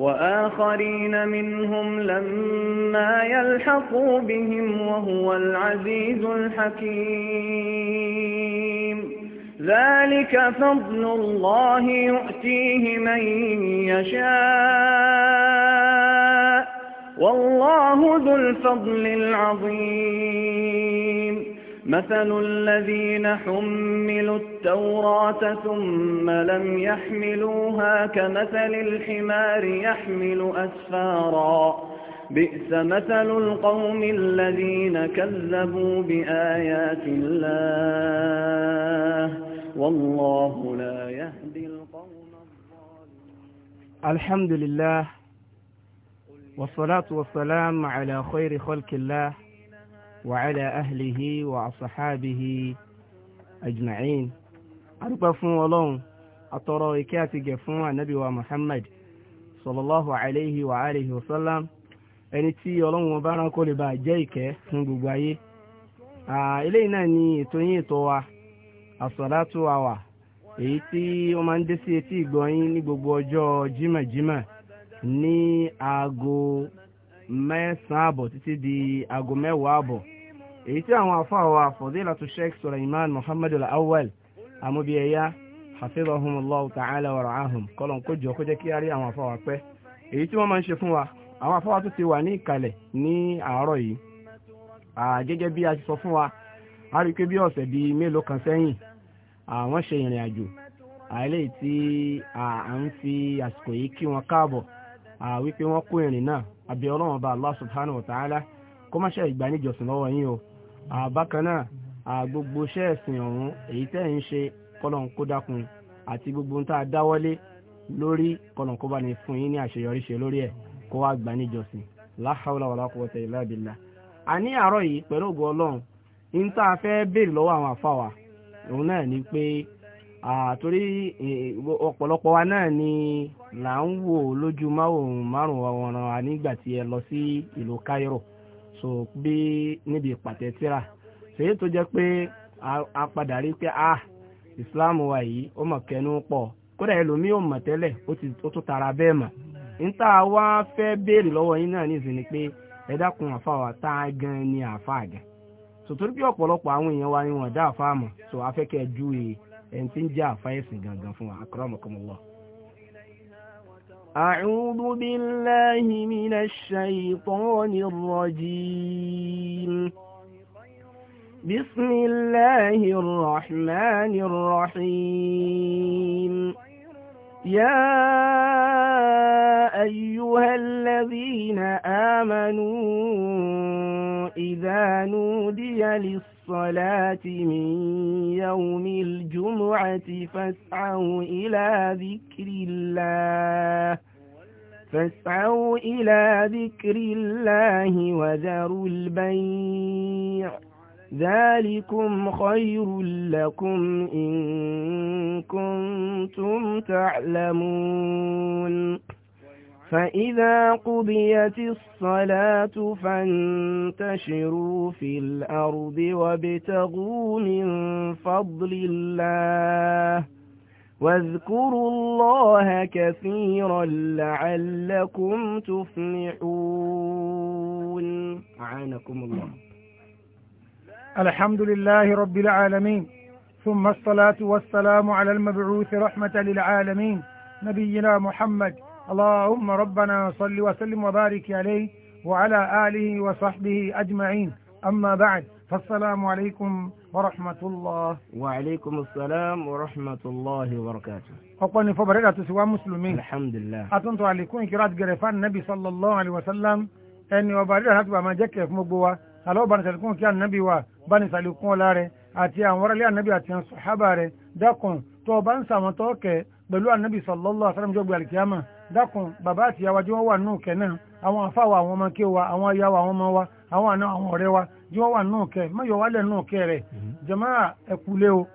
وآخرين منهم لما يلحقوا بهم وهو العزيز الحكيم ذلك فضل الله يؤتيه من يشاء والله ذو الفضل العظيم مثل الذين حملوا التوراة ثم لم يحملوها كمثل الحمار يحمل أسفارا بئس مثل القوم الذين كذبوا بآيات الله والله لا يهدي القوم الظالمين الحمد لله والصلاة والسلام على خير خلق الله وعلى أهله وأصحابه أجمعين أرقى فون ولون أترى إكاتي جفون النبي ومحمد صلى الله عليه وآله وسلم ẹni tí ọlọ́run ọba ránkó lè bá jẹ́ ìkẹ́ fún gbogbo ayé eléyìí náà ni ètò yín ètò wa àsọ̀dátù àwà èyí tí wọ́n gbogbo jima aago mẹ́sàn-án àbọ̀ di aago àbọ̀ èyí tí àwọn àfáà wa fadilatu sheikh suleiman muhammad al-awwal amóbiyẹyà hafizahumullahu ta'ala wa ra'ahum kọlọ̀n kó jọ kó jẹ́ kí a rí àwọn àfáà wa pẹ́ èyí tí wọ́n máa ń ṣe fún wa àwọn àfáà wa tó ti wà ní ìkàlẹ̀ ní àárọ̀ yìí gẹ́gẹ́ bí a ti sọ fún wa a rí pé bí ọ̀sẹ̀ bíi mélòó kan sẹ́yìn àwọn ṣe ìrìn àjò àìlè tí à ń fi àsìkò yìí kí wọn káàbọ̀ wípé wọ́n kó ìrìn náà àbí ọlọ́run ọba allah subhanahu wa ta'ala kó má ṣe ìgbà níjọsìn lọ́wọ́ yín o bákan náà gbogbo iṣẹ́ ẹ̀sìn ọ̀hún èyí tẹ́ ń ṣe kọ́lọ̀n kó dákun àti gbogbo ń tá a dáwọ́lé lórí kọ́lọ̀n kó bá ní fún yín ní àṣeyọrí ṣe lórí ẹ̀ kó wá gbà níjọsìn la hawla wala quwwata illa billah. a ní àárọ̀ yìí pẹ̀lú ògo ọlọ́run ń tá a fẹ́ béèrè lọ́wọ́ àwọn àfa wa òun náà ni pé àtorí e, ọ̀pọ̀lọpọ̀ wa náà ni là ń wò lójú máwòrán márùn-ún wa nígbà tí ẹ lọ sí ìlú Cairo so bí níbi ìpàtẹ tíra ṣèyí tó je pé a padà rí pé ah islam wa yìí ó mọ̀ kẹnu pọ̀ kódà ẹlòmíì ò mọ̀ tẹ́lẹ̀ ó tún tara bee ma níta wá fe béèrè lọwọ yín náà nísìnyí ni pé ẹ dákun àfa wa tá a gan ni àfa gan sòtórí bí ọ̀pọ̀lọpọ̀ àwọn èèyàn wa ni wọ́n dá àfa mọ̀ so ju ẹni tí ń jẹ́ àfa أعوذ بالله من الشيطان الرجيم بسم الله الرحمن الرحيم يا أيها الذين آمنوا إذا نودي للصلاة الصلاة من يوم الجمعة فاسعوا إلى ذكر الله فاسعوا إلى ذكر الله وذروا البيع ذلكم خير لكم إن كنتم تعلمون فإذا قضيت الصلاة فانتشروا في الأرض وابتغوا من فضل الله واذكروا الله كثيرا لعلكم تفلحون أعانكم الله الحمد لله رب العالمين ثم الصلاة والسلام على المبعوث رحمة للعالمين نبينا محمد اللهم ربنا صل وسلم وبارك عليه وعلى آله وصحبه أجمعين أما بعد فالسلام عليكم ورحمة الله وعليكم السلام ورحمة الله وبركاته أقول فبريدة سوى مسلمين الحمد لله أتنتو عليكم كرات قرفان النبي صلى الله عليه وسلم أني وبريدة هتبع ما جك في مقبوة هلو بني سلكون كيان نبي وبني سلكون لاري أتي أمور النبي أتي الصحابة داكم تو بنسى متوكي بلو النبي صلى الله عليه وسلم جوب القيامة dákun bàbá àti ìyá wa jí wọ́n wà nínú kẹ náà àwọn wa àwọn ọmọ kí wa àwọn aya wa àwọn ọmọ wa àwọn àna àwọn ọ̀rẹ́ wa jí wọ́n wà rẹ̀ mhm. o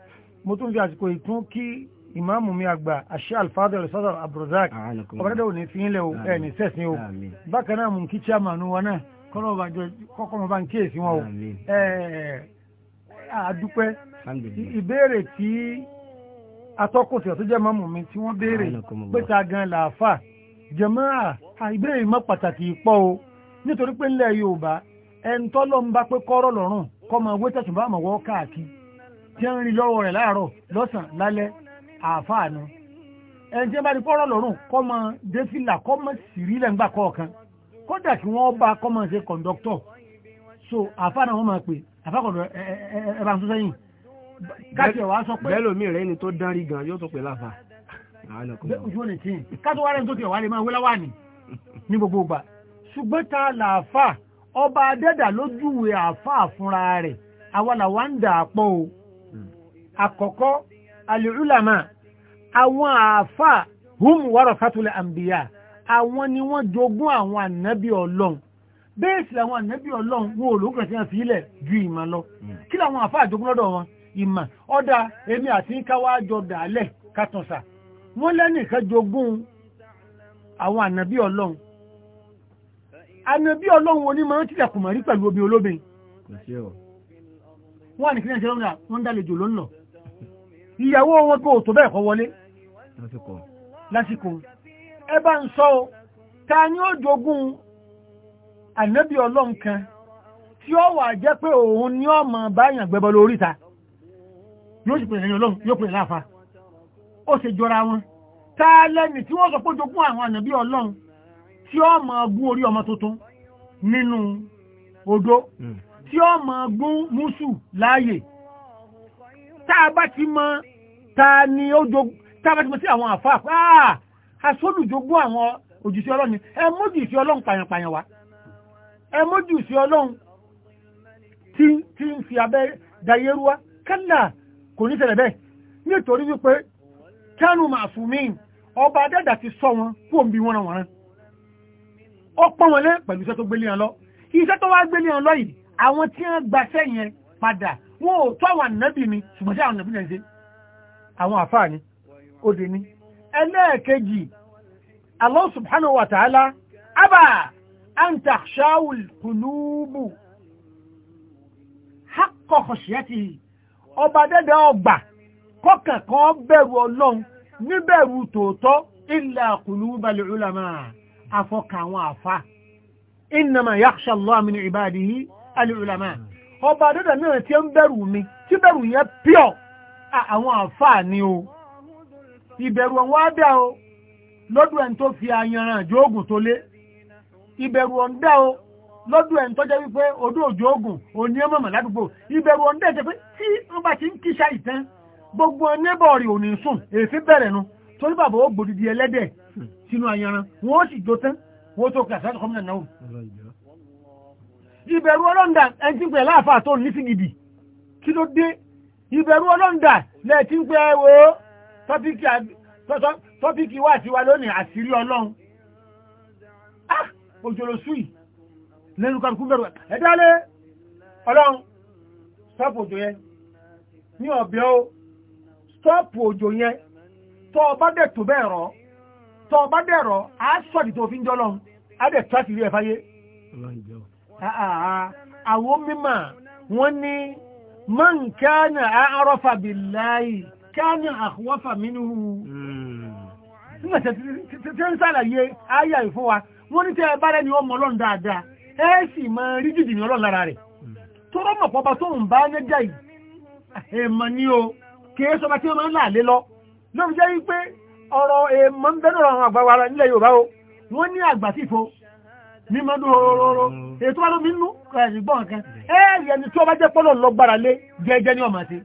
mo tún fi àsìkò ìtún kí ìmáàmù mi àgbà àṣẹ alfadọ ìsọdọ abdulrasaq ọ̀rẹ́dẹ̀ ò fi ń o ẹ̀ ní sẹ́sìn o bákan náà wa náà kọ́kọ́ bá ń kíyèsí wọn o àdúpẹ́ atọ́kùnfẹ́ tó jẹ́ mọ́mù mi tí wọ́n béèrè pẹ́ta gan làáfà jàmáà àìbéèrè mọ́ pàtàkì pọ̀ o nítorí pé ńlẹ̀ Yorùbá ẹni tọ́lọ́ ń bá pé kọ́rọ̀ lọ́rùn kọ́ máa wé tẹ̀sùn bá máa wọ́ káàkiri tí ń rí lọ́wọ́ rẹ̀ láàárọ̀ lọ́sàn lálẹ́ àáfàá nu ẹni tí ń bá di kọ́rọ̀ lọ́rùn kọ́ máa dé fìlà kọ́ máa sì rí lẹ́ngbà kọ̀ọ̀kan kódà kí wọ́n bá kọ́ máa ṣe kọ̀ǹdọ́tọ̀ so àáfàá náà wọ́n máa pè àfàkọ̀dọ̀ ẹ kájẹ̀ wá sọ pé bẹ́lòmí rẹ̀ ni tó dán rí gan yóò tó pè láfa kájọ̀wárẹ̀ tó kẹ̀ wá lè máa wíláwà ní ní gbogbo ìgbà ṣùgbọ́n ta làáfà ọba adẹ́dà lójúwe àáfà fúnra rẹ̀ awàlàwà ń dà pọ̀ o àkọ́kọ́ alìrúlàmà àwọn àáfà hum warasatul anbiya àwọn ni wọ́n jogún àwọn ànábì ọlọ́run bẹ́ẹ̀ sì làwọn ànábì ọlọ́run wọn ò lókùnrin sí ilẹ̀ ju ìmọ̀ lọ hmm. kí làwọn àáfà jogún lọ́dọ̀ wọn ìmà ọ̀dà èmi àti káwá jọ dàálẹ̀ kàtúnṣà wọ́n lẹ́nìkan jogún àwọn ànàbí ọlọ́run ànàbí ọlọ́run oní máa ń tilẹ̀kùn mọ̀rí pẹ̀lú omi olóbin wọ́n ní kílẹ̀ ìṣẹ́lọ́nà wọ́n lọ́nà ìyàwó wọn bẹ́ẹ̀ kọ́ wọlé lásìkò ẹ bá ń sọ ta ni ó jogún ànàbí ọlọ́run kan tí ó wà jẹ́ pé òun ni báyàn gbẹbọ yóò sì pè ẹ̀yìn ọlọ́run yóò pè láàfà ó ṣe jọra wọn ta lẹ́ni tí wọ́n sọ pé jogún àwọn ànàbí ọlọ́run tí ó máa gún orí ọmọ tuntun nínú odó tí ó máa gún múṣù láàyè tá a bá ti mọ ta ni ó jogún tá a bá ti mọ sí àwọn àfáà pé aṣọ́lùjogún ah, àwọn òjìṣẹ́ ọlọ́run ni ẹ mójú ìṣẹ́ ọlọ́run pàyànpàyàn wá ẹ mójú ìṣẹ́ ọlọ́run tí ń fi abẹ́ dayérúwá kálá kò ní ṣẹlẹ̀ bẹ́ẹ̀ nítorí wípé kánú màfúmín ọba dẹ́dà ti sọ wọn kú òǹbí wọn wọn ó pọ́n wọn lé pẹ̀lú iṣẹ́ tó gbélé wọn lọ iṣẹ́ tó wá gbélé wọn lọ yìí àwọn tí wọ́n gbaṣẹ́ yẹn padà wọn ò tó àwọn ànábì ni ṣùgbọ́n sí àwọn ànábì náà ṣe àwọn àfáà ni ó dé ní ẹlẹ́ẹ̀kejì Allah subhanahu ọba dẹ́dẹ́ ọgbà kọ́kàn kan bẹ̀rù ọlọ́run níbẹ̀rù tòótọ́ illa qulubal ulama àfọkà àwọn àfa innama yakhsha Allah min ibadihi al ulama ọba dẹ́dẹ́ náà ti ń bẹ̀rù mi tí bẹ̀rù yẹn pure àwọn àfa ni o ìbẹ̀rù ọ̀wọ́ abẹ́ o lọ́dún ẹni tó fi ayanran àjọ tó lé ìbẹ̀rù ọ̀ndá o lọ́dún ẹni tọ́jẹ́ wípé odó òjò ogun òní ọmọọmọ ládùúgbò ìbẹ̀rù ọ̀ndẹ́ ṣe pé tí wọ́n bá ti ń kíṣà ìtàn gbogbo nébọ̀ rẹ̀ ò sùn èéfín bẹ̀rẹ̀ nu torí bàbá ó gbòdìdì ẹlẹ́dẹ̀ sínú ayanran wọn sì jó tán wọn tó kà sáà kọ́mínà náà. ìbẹ̀rù ọlọ́ndà ẹni tí ń pè láàfà tó ní sí gidi kí ló dé ìbẹ̀rù ọlọ́ndà lẹ́ẹ̀ tí ń pè wo tọ́pìkì wà tiwa lónìí àṣírí ọlọ́run. ah òjòlósù yìí lẹ́nu kan kún bẹ̀rù ẹ dálé ọlọ́run stop òjò yẹn ní ọ̀bẹ o stop òjò yẹn tọ́ ọba dẹ̀ tó bẹ́ẹ̀ rọ tọ́ ọba dẹ̀ rọ á sọ̀dì tó fi ń jọlọ́run á dẹ̀ tó àṣírí ẹ̀ fáyé. Ah, ah, ah. àwọn mímọ̀ wọ́n ní man kánà àárọ̀fà bìláyì kánà àwọ́fà mínú nígbà tí ń sàlàyé ayà ìfún wọ́n ní tẹ́ ẹ bá rẹ̀ ni ọmọ ọlọ́run dáadáa ẹ sì máa rí jìjì ní ọlọ́run lára rẹ̀ tó rọ́mọ̀ pọ́ba tó ń bá nẹ́jà yìí èèmọ̀ ni o kìí sọba tí ó máa ń láàlé lọ lórí jẹ́ wípé ọ̀rọ̀ èèmọ̀ ń bẹ́nu àwọn àgbà wa nílẹ̀ Yorùbá o wọ́n ní àgbà tí ìfo ní mọ́dún oróró ètò wa ló mi nú ẹ̀rìngbọ́n kan ẹ̀rì ẹni tí ó bá jẹ́ pọ́lọ̀ lọ gbára lé jẹ́jẹ́ ní ọmọ àti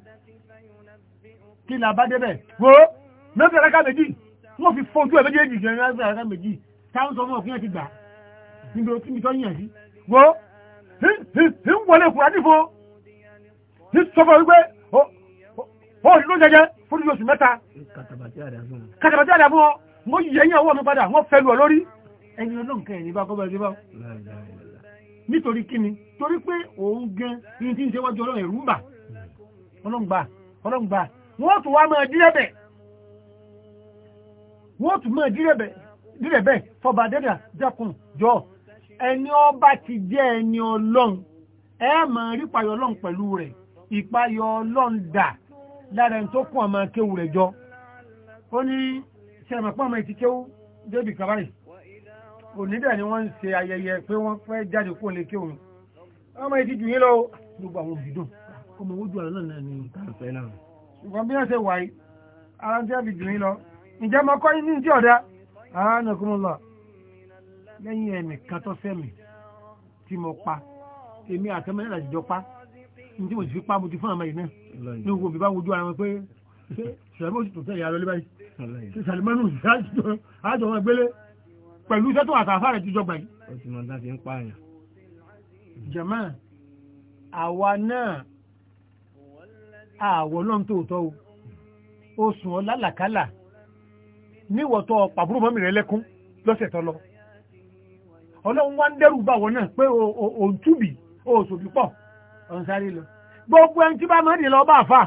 kí la bá débẹ̀ wo mẹ́fẹ̀ẹ́ rákà méjì wọ́n fi fojú ẹ̀ méjèèjì jẹ́ rákà méjì táwọn sọ fún ọkùnrin ti gbà á níbi òtún mi tó yàn sí wo ń wọlé kùránì fún ọ ní sọfọ wípé ó ló jẹjẹ fún oṣù mẹ́ta kàtàbàtì àdá fún ọ mo yẹ yín ọwọ́ mi padà wọ́n fẹ́ lu ọ lórí ẹni ọlọ́run kẹrin ní bá kọ́ bá ṣe bá nítorí kíni torí pé òun gan ní tí ń ṣe wájú ọlọ́run ẹ̀rú ń bà ọlọ́run gbà ọlọ́run gbà wọ́n tún wá máa dírẹ́bẹ̀ wọ́n tún máa dírẹ́bẹ̀ fọba dẹ́dà dákun jọ ẹni ọba ti jẹ́ ẹni ọlọ́run ẹ mọ̀ rí payọ ọlọ́run pẹ̀lú rẹ̀ ìpayọ ọlọ́run dà lára ẹni tó kún ọmọ kéwù rẹ̀ jọ ó ní ṣe àmọ̀ pọ́n ọmọ ti kéwù débì kàbáyì onídẹ̀ ni wọ́n ń ṣe ayẹyẹ pé wọ́n fẹ́ jáde kó lè kéwù ọmọ ti jù yín lọ gbogbo àwọn òbí dùn ọmọ ojú àná náà ni káàfẹ́ náà ṣùgbọ́n bí wọ́n ṣe wáyé ara ń tẹ́ fi jù yín lọ ǹjẹ́ mọ yín ní ti ọ̀dà àánú lẹ́yìn ẹnìkan tó sẹ́mi tí mo pa èmi àtọ́mọ́ nílà ìjọ pa ní tí mo sì fi pa mo ti fún àmà yìí náà ní gbogbo ìbá wojú ara wọn pé sàlámù òsì tó tẹ̀lé àlọ́lé báyìí ṣe sàlámù àjọ wọn gbélé pẹ̀lú iṣẹ́ tó àtàfà rẹ̀ ti jọgbà yìí. ó ti mọ̀ láti ń pààyàn. jama àwa náà àwọ̀ ọlọ́run tó tọ́ o ó sùn ọ́ lálàkálà níwọ̀ tó pàbúrò mọ́mì rẹ̀ lẹ́kún lọ́sẹ̀ tó lọ ọlọ́run wá ń dẹ́rù bá wọn náà pé òun túbì òṣòbí pọ̀ ọ̀n sáré lọ gbogbo ẹni tí bá máa ń dè lọ bá àfà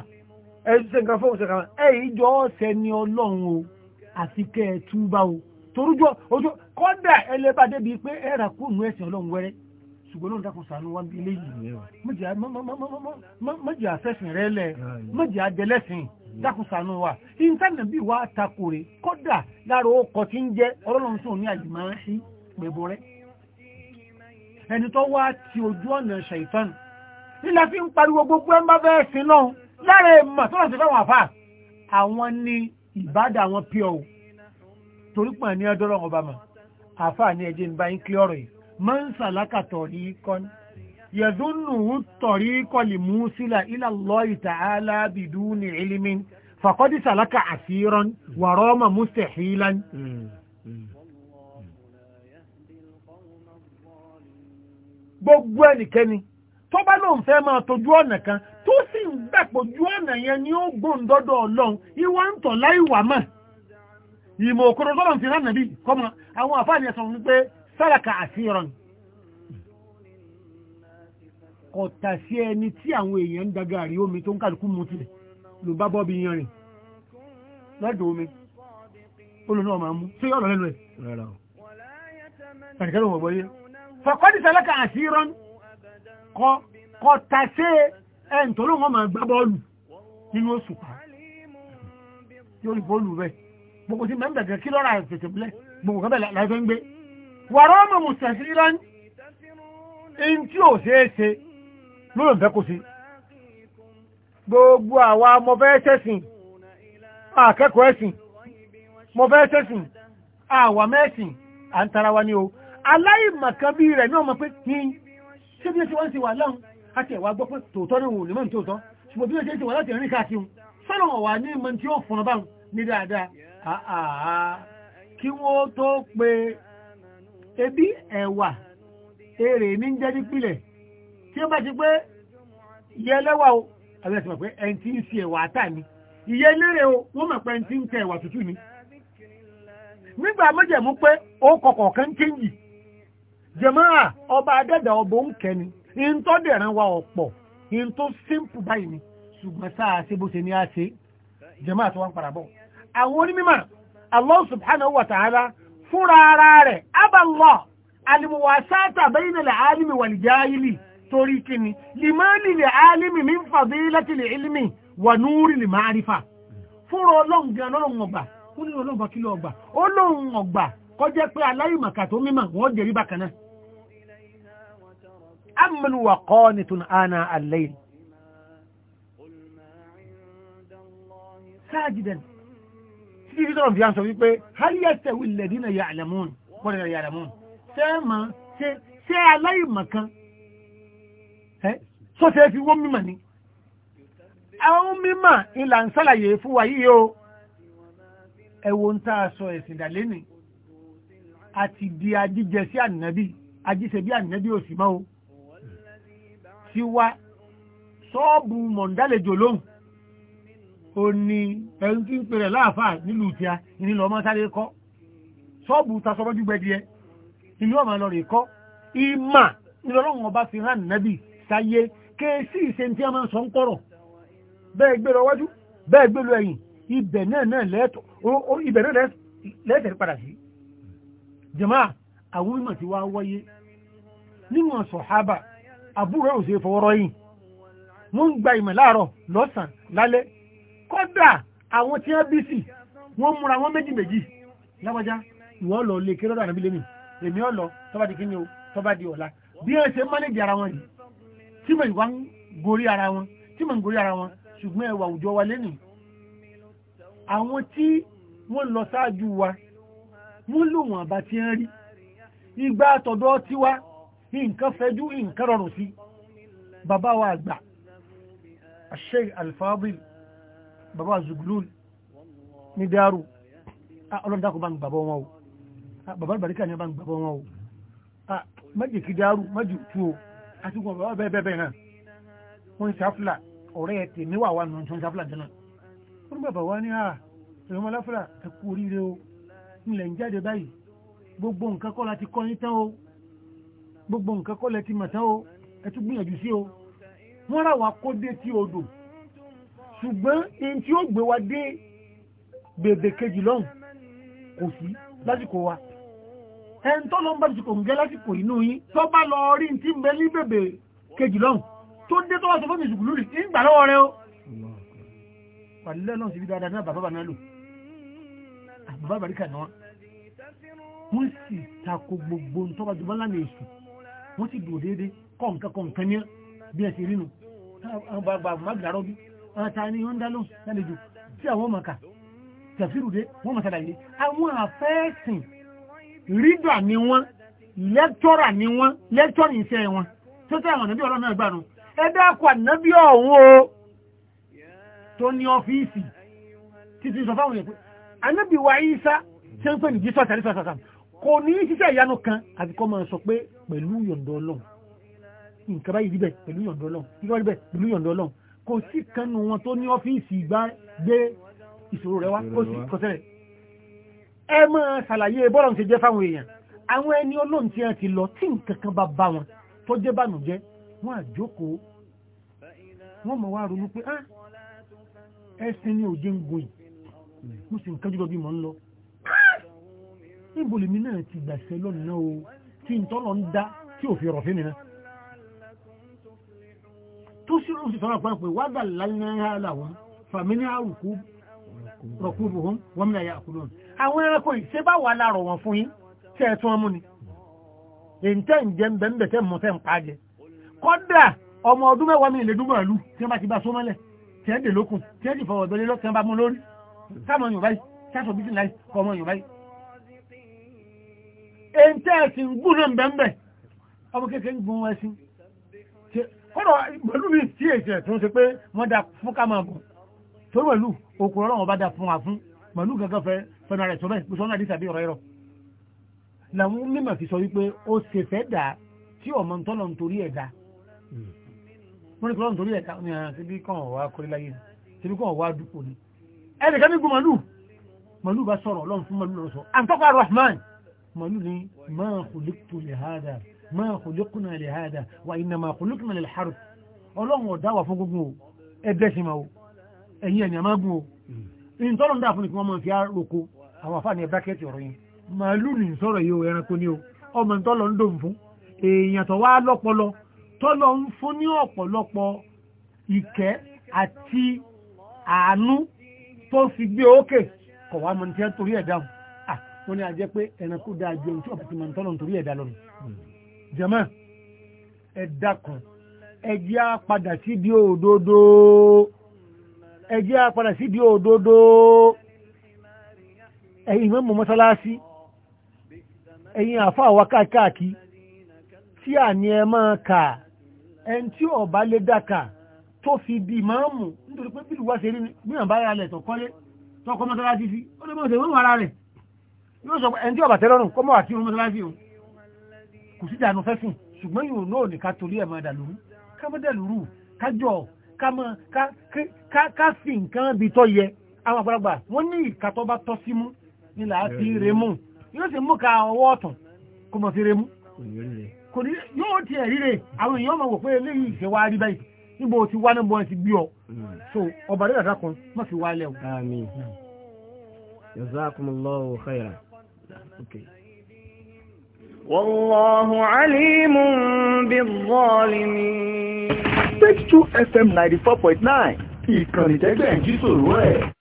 ẹ̀sùn ṣe nǹkan fóun ṣe kàn ẹ̀ ìjọ ọ̀sẹ̀ ni ọlọ́run o àti kẹ́ ẹ túbà o torújọ ojú kọ́dà ẹlẹ́bàá débi pé ẹ rà kúrò ẹ̀sìn ọlọ́run wẹ́rẹ́ ṣùgbọ́n lóun dákun sànú wá bí eléyìí mọ̀jì àfẹ́sìn rẹ lẹ̀ mọ̀jì àjẹlẹ́sìn dákun sànú wa ìńtánẹ̀tì bí wàá takò rè kọ́dà lára ó kọ́ ti ń jẹ́ ọlọ́run tó ní àjùmọ̀ sí pẹ̀bọ rẹ̀ ẹni tó wá ti ojú ọ̀nà ṣàìtàn nílẹ̀ fi ń pariwo gbogbo ẹ̀ ń bá bẹ́ẹ̀ sí náà lára èèmọ̀ tó lọ́sẹ̀ fẹ́wọ̀n àfà àwọn ní ìbádà àwọn pí ọ̀ torí pọ̀ ní ọdọ́rọ̀ ọba mọ̀ àfà ní ẹjẹ́ ní báyìí kí ọ̀rọ̀ yìí máa ń sàlákà tọ̀rí kọ́ yẹ̀dúnnù tọ̀rí kọ́ lè mú sílà ilà lọ ìta alábìdú ní ilimi fàkọ́dí sàlákà àfihàn wàrọ́ ọmọ mustahila gbogbo ẹnikẹ́ni tó bá lóun fẹ́ máa tójú ọ̀nà kan tó sì ń bẹ̀ pójú ọ̀nà yẹn ni ó gbóǹdọ́dọ̀ ọlọ́run ìwọ ń tọ̀ láì wà mọ̀ ìmọ̀ òkúrò tọ́lọ̀ fi rán nàbí kọ́mọ àwọn àfáàní ẹ̀sọ̀ wípé sálàkà àfihàn kọ̀tà sí ẹni tí àwọn èèyàn ń daga àrí omi tó ń kàlùkù mú tilẹ̀ ló bá bọ́bí yan rìn lọ́dọ̀ omi olùnà ọmọ mú tí yọ́ lẹ́nu ẹ̀ fọ̀kọ́dì sẹ́lẹ́kà àṣírọ́n kọ tàṣe ẹn tó ló wọ́n máa gbá bọ́ọ̀lù nínú oṣù pa yóò rí bọ́ọ̀lù rẹ̀ gbogbo sí mẹ́mbẹ̀ gẹ̀ kí lọ́ra ìfẹ̀tẹ̀ bílẹ̀ gbogbo kẹ́bẹ̀ láìfẹ́ ń gbé wàrọ́ ọmọ mùsàṣírọ́n in tí ò ṣeé ṣe lóòrùn fẹ́ kò sí gbogbo àwa mo fẹ́ ṣẹ̀sìn akẹ́kọ̀ọ́ ẹ̀sìn mo fẹ́ ṣẹ̀sìn àwa mẹ́sìn à ń tara wa ní o aláìmọ̀kan bí rẹ̀ ní mọ̀ pé kí ṣé bí ó ṣe wọ́n ti wà láhùn àti ẹ̀wà gbọ́ pé tòótọ́ ní òun lèmọ́n tòótọ́ ṣùgbọ́n bí ó ṣe ti wà láti rìn káàkiri sọ́nà ọ̀wà ní ìmọ̀ tí ní dáadáa kí wọ́n tó pe ebi ẹ̀wà ní jẹ́ nípìnlẹ̀ tí ó bá ti pé yẹ o mọ̀ pé ẹni tí ń fi ẹ̀wà àtà ni ìyẹ lérè o wọ́n mọ̀ pé ẹni tí ń tẹ ẹ̀wà ni pé ó kọ̀kọ̀ kan jẹ̀máà ọba adẹ́dà ọbọ̀ ń kẹni in tó dẹ̀ràn wa ọ̀pọ̀ in tó simple báyìí ni ṣùgbọ́n sáà ṣe bó ṣe ní á ṣe jẹ̀máà tó wá ń padà bọ̀ àwọn onímọ̀ Allah subhanahu wa ta'ala fúnra ara rẹ̀ abalọ́ alimuwasaata bẹ́yìn lẹ̀ alimi wà lìjáyìlì torí kíni limani lẹ̀ alimi min fadilati lẹ̀ ilimi wà núrì lè máa rífà fúnra ọlọ́ǹgá lọ́lọ́ǹ ọgbà kọjá pé aláìmọ̀kà tó mímọ̀ wọ́n jẹ̀rí bákan náà تتأمل وقانت آناء الليل ساجدا في ذلك في عنصر يقول هل يستوي الذين يعلمون ولا يعلمون سيما سيعلي مكان sọ́tẹ́ fi wọ́n mímọ̀ ni àwọn mímọ̀ ìlà ń sálàyé fún wa yíò ẹwọ ń tàà sọ ẹ̀sìn ìdàlẹ́ni àti di ajíjẹ sí ànàbí ajíṣẹ́ bí ànàbí ò sì máa tiwa sọ́ọ̀bù mọ̀ndálejò lóhùn ó ní ẹni tí ń pèrè láàfáà nílùú tí a ìní lọ máa sáré kọ́ sọ́ọ̀bù tasọ́rọ́jú gbẹdìẹ ìlú ọ̀mà lọ rè kọ́ ìmà ìlọ́lọ́run ọba fi hàn nábì sáyé kéésì ìṣe tí a máa ń sọ ń kọ̀rọ̀ bẹ́ẹ̀ gbé lọ wájú bẹ́ẹ̀ gbé lọ ẹ̀yìn ibẹ̀ náà náà lẹ́ẹ̀tọ̀ ibẹ̀ náà lẹ́ẹ̀tẹ̀ padà sí jàmáà àwọn mímọ̀ ti wá wáyé níwọ̀n sọ̀hábà àbúrò ò ṣe fọwọ́rọ́ yìí mú ń gba ìmọ̀ láàárọ̀ lọ́sàn lálẹ́ kódà àwọn tí wọ́n bí sí wọ́n múra wọ́n méjì méjì láwájá ìwọ lọ lè kéré ọ̀dà àbílẹ̀ mi èmi ọ̀ lọ tọ́ba di kíni o tọ́ba di ọ̀la bí wọ́n ṣe mánéjì ara wọn yìí tí mo ìwà ń gorí ara wọn tí mo ń gorí ara wọn ṣùgbọ́n ẹwà àwùjọ wa lẹ́nìí àwọn tí wọ́n lọ ṣáájú wa wọ́n lò wọ́n àbá tí ń rí ìgbà àtọ̀dọ̀ tiwa nǹkan fẹjú nǹkan rọrùn sí bàbá wa àgbà Sheikh Al-Fadil bàbá Zuglul ní dáàrù ah, ọlọ́dàkùn bá ń gbàbọ́ wọn o ah, bàbá àbàríkà ni bá ń gbàbọ́ wọn o ah, májì kí dáàrù májì tú o àti wọn bàbá bẹ́ẹ̀ bẹ́ẹ̀ náà wọ́n ń ṣàfùlà ọ̀rẹ́ ẹ̀ tèmi wà wà nù tó ń ṣàfùlà jẹ́ náà wọ́n gbogbo nǹkan kọ́ láti kọ́ yín tán o gbogbo nǹkan kọ́lẹ̀ ti màtá o ẹtú gbìyànjú sí o wọ́n rà wá kó dé tí odò ṣùgbọ́n in tí ó gbé wa dé bèbè kejì lọ́hùn kò sí lásìkò wa ẹn tó lọ ń bá ti kò ń gẹ́ lásìkò inú yín tó bá lọ rí tí ń bẹ ní bèbè kejì lọ́hùn tó dé tó wá sọ fún ìṣùkú lórí ìgbà lọ́wọ́ rẹ o pàdílẹ́ náà sì fi dáadáa náà bàbá bàbá lò bàbá bàríkà náà wọ́n sì takò gbogbo tó bá ti bọ́lá wọ́n sì dò déédé kọ̀ǹkan kọ̀ǹkan ní bí ẹ̀sìn rínu àgbàgbà magdàrọ́ bí ata ni wọ́n dá lóhùn lálejò tí àwọn màkà tẹ̀fìrù dé wọ́n màsàdà yìí àwọn àfẹ́ẹ̀sìn rídà ni wọ́n lẹ́tọ́rà ni wọ́n lẹ́tọ́rì iṣẹ́ wọn tó tẹ́ àwọn ànábì ọlọ́run náà gbà nù ẹ dákọ̀ ànábì ọ̀hún o tó ní ọ́fíìsì títí sọ fáwọn yẹn pé ànábì wa Ìsá ṣe ń pè ní Jésù àtàlẹ́sọ̀ sàtàmù kò ní ṣíṣẹ́ ìyanu kan àti kọ́ máa sọ pé pẹ̀lú yọ̀ǹdọ̀ ọlọ́run nǹkan báyìí díbẹ̀ pẹ̀lú yọ̀ǹdọ̀ ọlọ́run nígbà díbẹ̀ pẹ̀lú yọ̀ǹdọ̀ ọlọ́run kò sí kanu wọn tó ní ọ́fíìsì ìgbà gbé ìṣòro rẹ wá kò sí kọsẹ̀rẹ̀ ẹ máa ṣàlàyé bọ́ọ̀lù ń ṣe jẹ́ fáwọn èèyàn àwọn ẹni ọlọ́run tí wọ́n ti lọ tí nǹkan kan bá bá wọn tó jẹ́ bànújẹ́ wọ́n àjókòó wọ́n mọ̀ wá ronú pé ah, ẹ̀sìn ni òjé ń gòyìn mo sì ń kájú lọ bí mò ń lọ níbo lèmi náà ti gbàṣẹ lọ́nà o tí n tọ́lọ ń dá tí ò fi rọ̀ fún mi náà tó sí lóòsì tọ́lá pàá pé wádà lálẹ́ aláwọ̀ fàmílì àrùkú rọ̀kúrù hàn wọ́n mìíràn yà kúrò àwọn ẹranko ìṣe bá wà láàrọ̀ wọn fún yín tẹ́ ẹ̀ tún wọn mú ni èyí tẹ́ ń jẹ bẹ́ẹ̀ tẹ́ mọ̀ tẹ́ ń pa jẹ kọ́dà ọmọ ọdún mẹ́wàá mi lè dúgbọ̀n ìlú tí wọ́n bá ti bá sómọ́lẹ̀ tí ẹ̀ dè lókun tí ẹ̀ dì fọwọ́ ìbẹ̀lẹ́ lọ́kàn bá mú lórí káàmọ́ yorùbá yìí káàsọ̀ bísí láì èyí tẹ́ ẹ̀sìn gbúnà bẹ́ẹ̀ ọmọ kékeré gun ẹ̀sìn kọ́rọ̀ pẹ̀lú mi tí èsì ẹ̀ tó ń ṣe pé wọ́n da fún ká máa bọ̀ tó pẹ̀lú òkúrọ̀ ọlọ́wọ́n bá da fún wa fún pẹ̀lú gẹ́gẹ́ fẹ́ fẹ́nu rẹ̀ tó bẹ́ẹ̀ pé sọ́nà àdìsàbí ọ̀rọ̀ ẹ̀rọ làwọn mímọ̀ fi sọ wípé ó ṣe fẹ́ dà tí ọmọ ntọ́lọ̀ nítorí ẹ̀ hmm. ní kọ́lọ́ màlúù màlúù bá sọ̀rọ̀ ọlọ́run fún màlúù lọ́sọ̀ àǹtọ́kọ̀ Rahman màálù ní máa kùlíkù lè hádà máa kùlíkùnà lè hádà wà iná máa kùlíkùnà lè hárù ọlọ́run ọ̀dá wà fún gbogbo ẹgbẹ́ sí ma o ẹ̀yìn ẹ̀yìn àmágún o ìntọ́lọ̀ ń dà fún ìpínwọ́n máa fi àròkó àwọn àfáà ní ẹ bákẹ́ẹ̀tì ọ̀rọ̀ yẹn màálù ní sọ̀rọ̀ yìí o ẹranko ní o ọmọ ìtọ́lọ̀ ń dòm fún èèyàn tó lọ́pọlọ tọ́lọ̀ ń fún ní ọ̀pọ̀lọpọ̀ ìkẹ́ àti àánú tó fi gbé òkè kọ̀wá mọ̀ ní tí torí ẹ̀ wọ́n ní àjẹ́ pé ẹranko dáa ju ohun tí ọ̀pọ̀ ti máa ń tọ́nà nítorí ẹ̀dá lọ́nà jẹ́mọ́ ẹ̀dá kan ẹjẹ́ á padà sí di òdodo á padà sí di òdodo ẹ̀yin mọ́mọ́ mọ́sálásí ẹ̀yin àfa àwa káàkiri tí àní ẹ máa kà ẹni tí ọba lè dáka tó fi di máàmù nítorí pé bílù wá ṣe rí bá lè mọ́ ṣe wọ́n wà yóò sọ ẹni tí ọba tẹ́lọ́rùn kọ́ mọ́ àti irun mọ́sálásí o kò sí ìdànù fẹ́sìn ṣùgbọ́n yóò náà ní ká torí ẹ̀ máa dàlúrú ká mọ́ dàlúrú ká jọ ká fi nǹkan tọ́ yẹ àwọn àgbàlagbà wọ́n ní bá tọ́ sí mú ní fi mú ka ọwọ́ ọ̀tàn kó mọ̀ fi rè mú kò ní yóò tiẹ̀ ríre àwọn èèyàn máa wò pé eléyìí ìṣe wa rí báyìí níbo ti wá ti gbé ọ hmm. so ọba rẹ̀ dàdá kan mọ̀ fi wá lẹ́wọ̀. Àmín. Jazakumullahu Okay. Wallahu alimun bil-zalimin. Page FM 94.9. four point nine. Ìkànnì tẹ́gbẹ̀ẹ́ jí sòrò ẹ̀.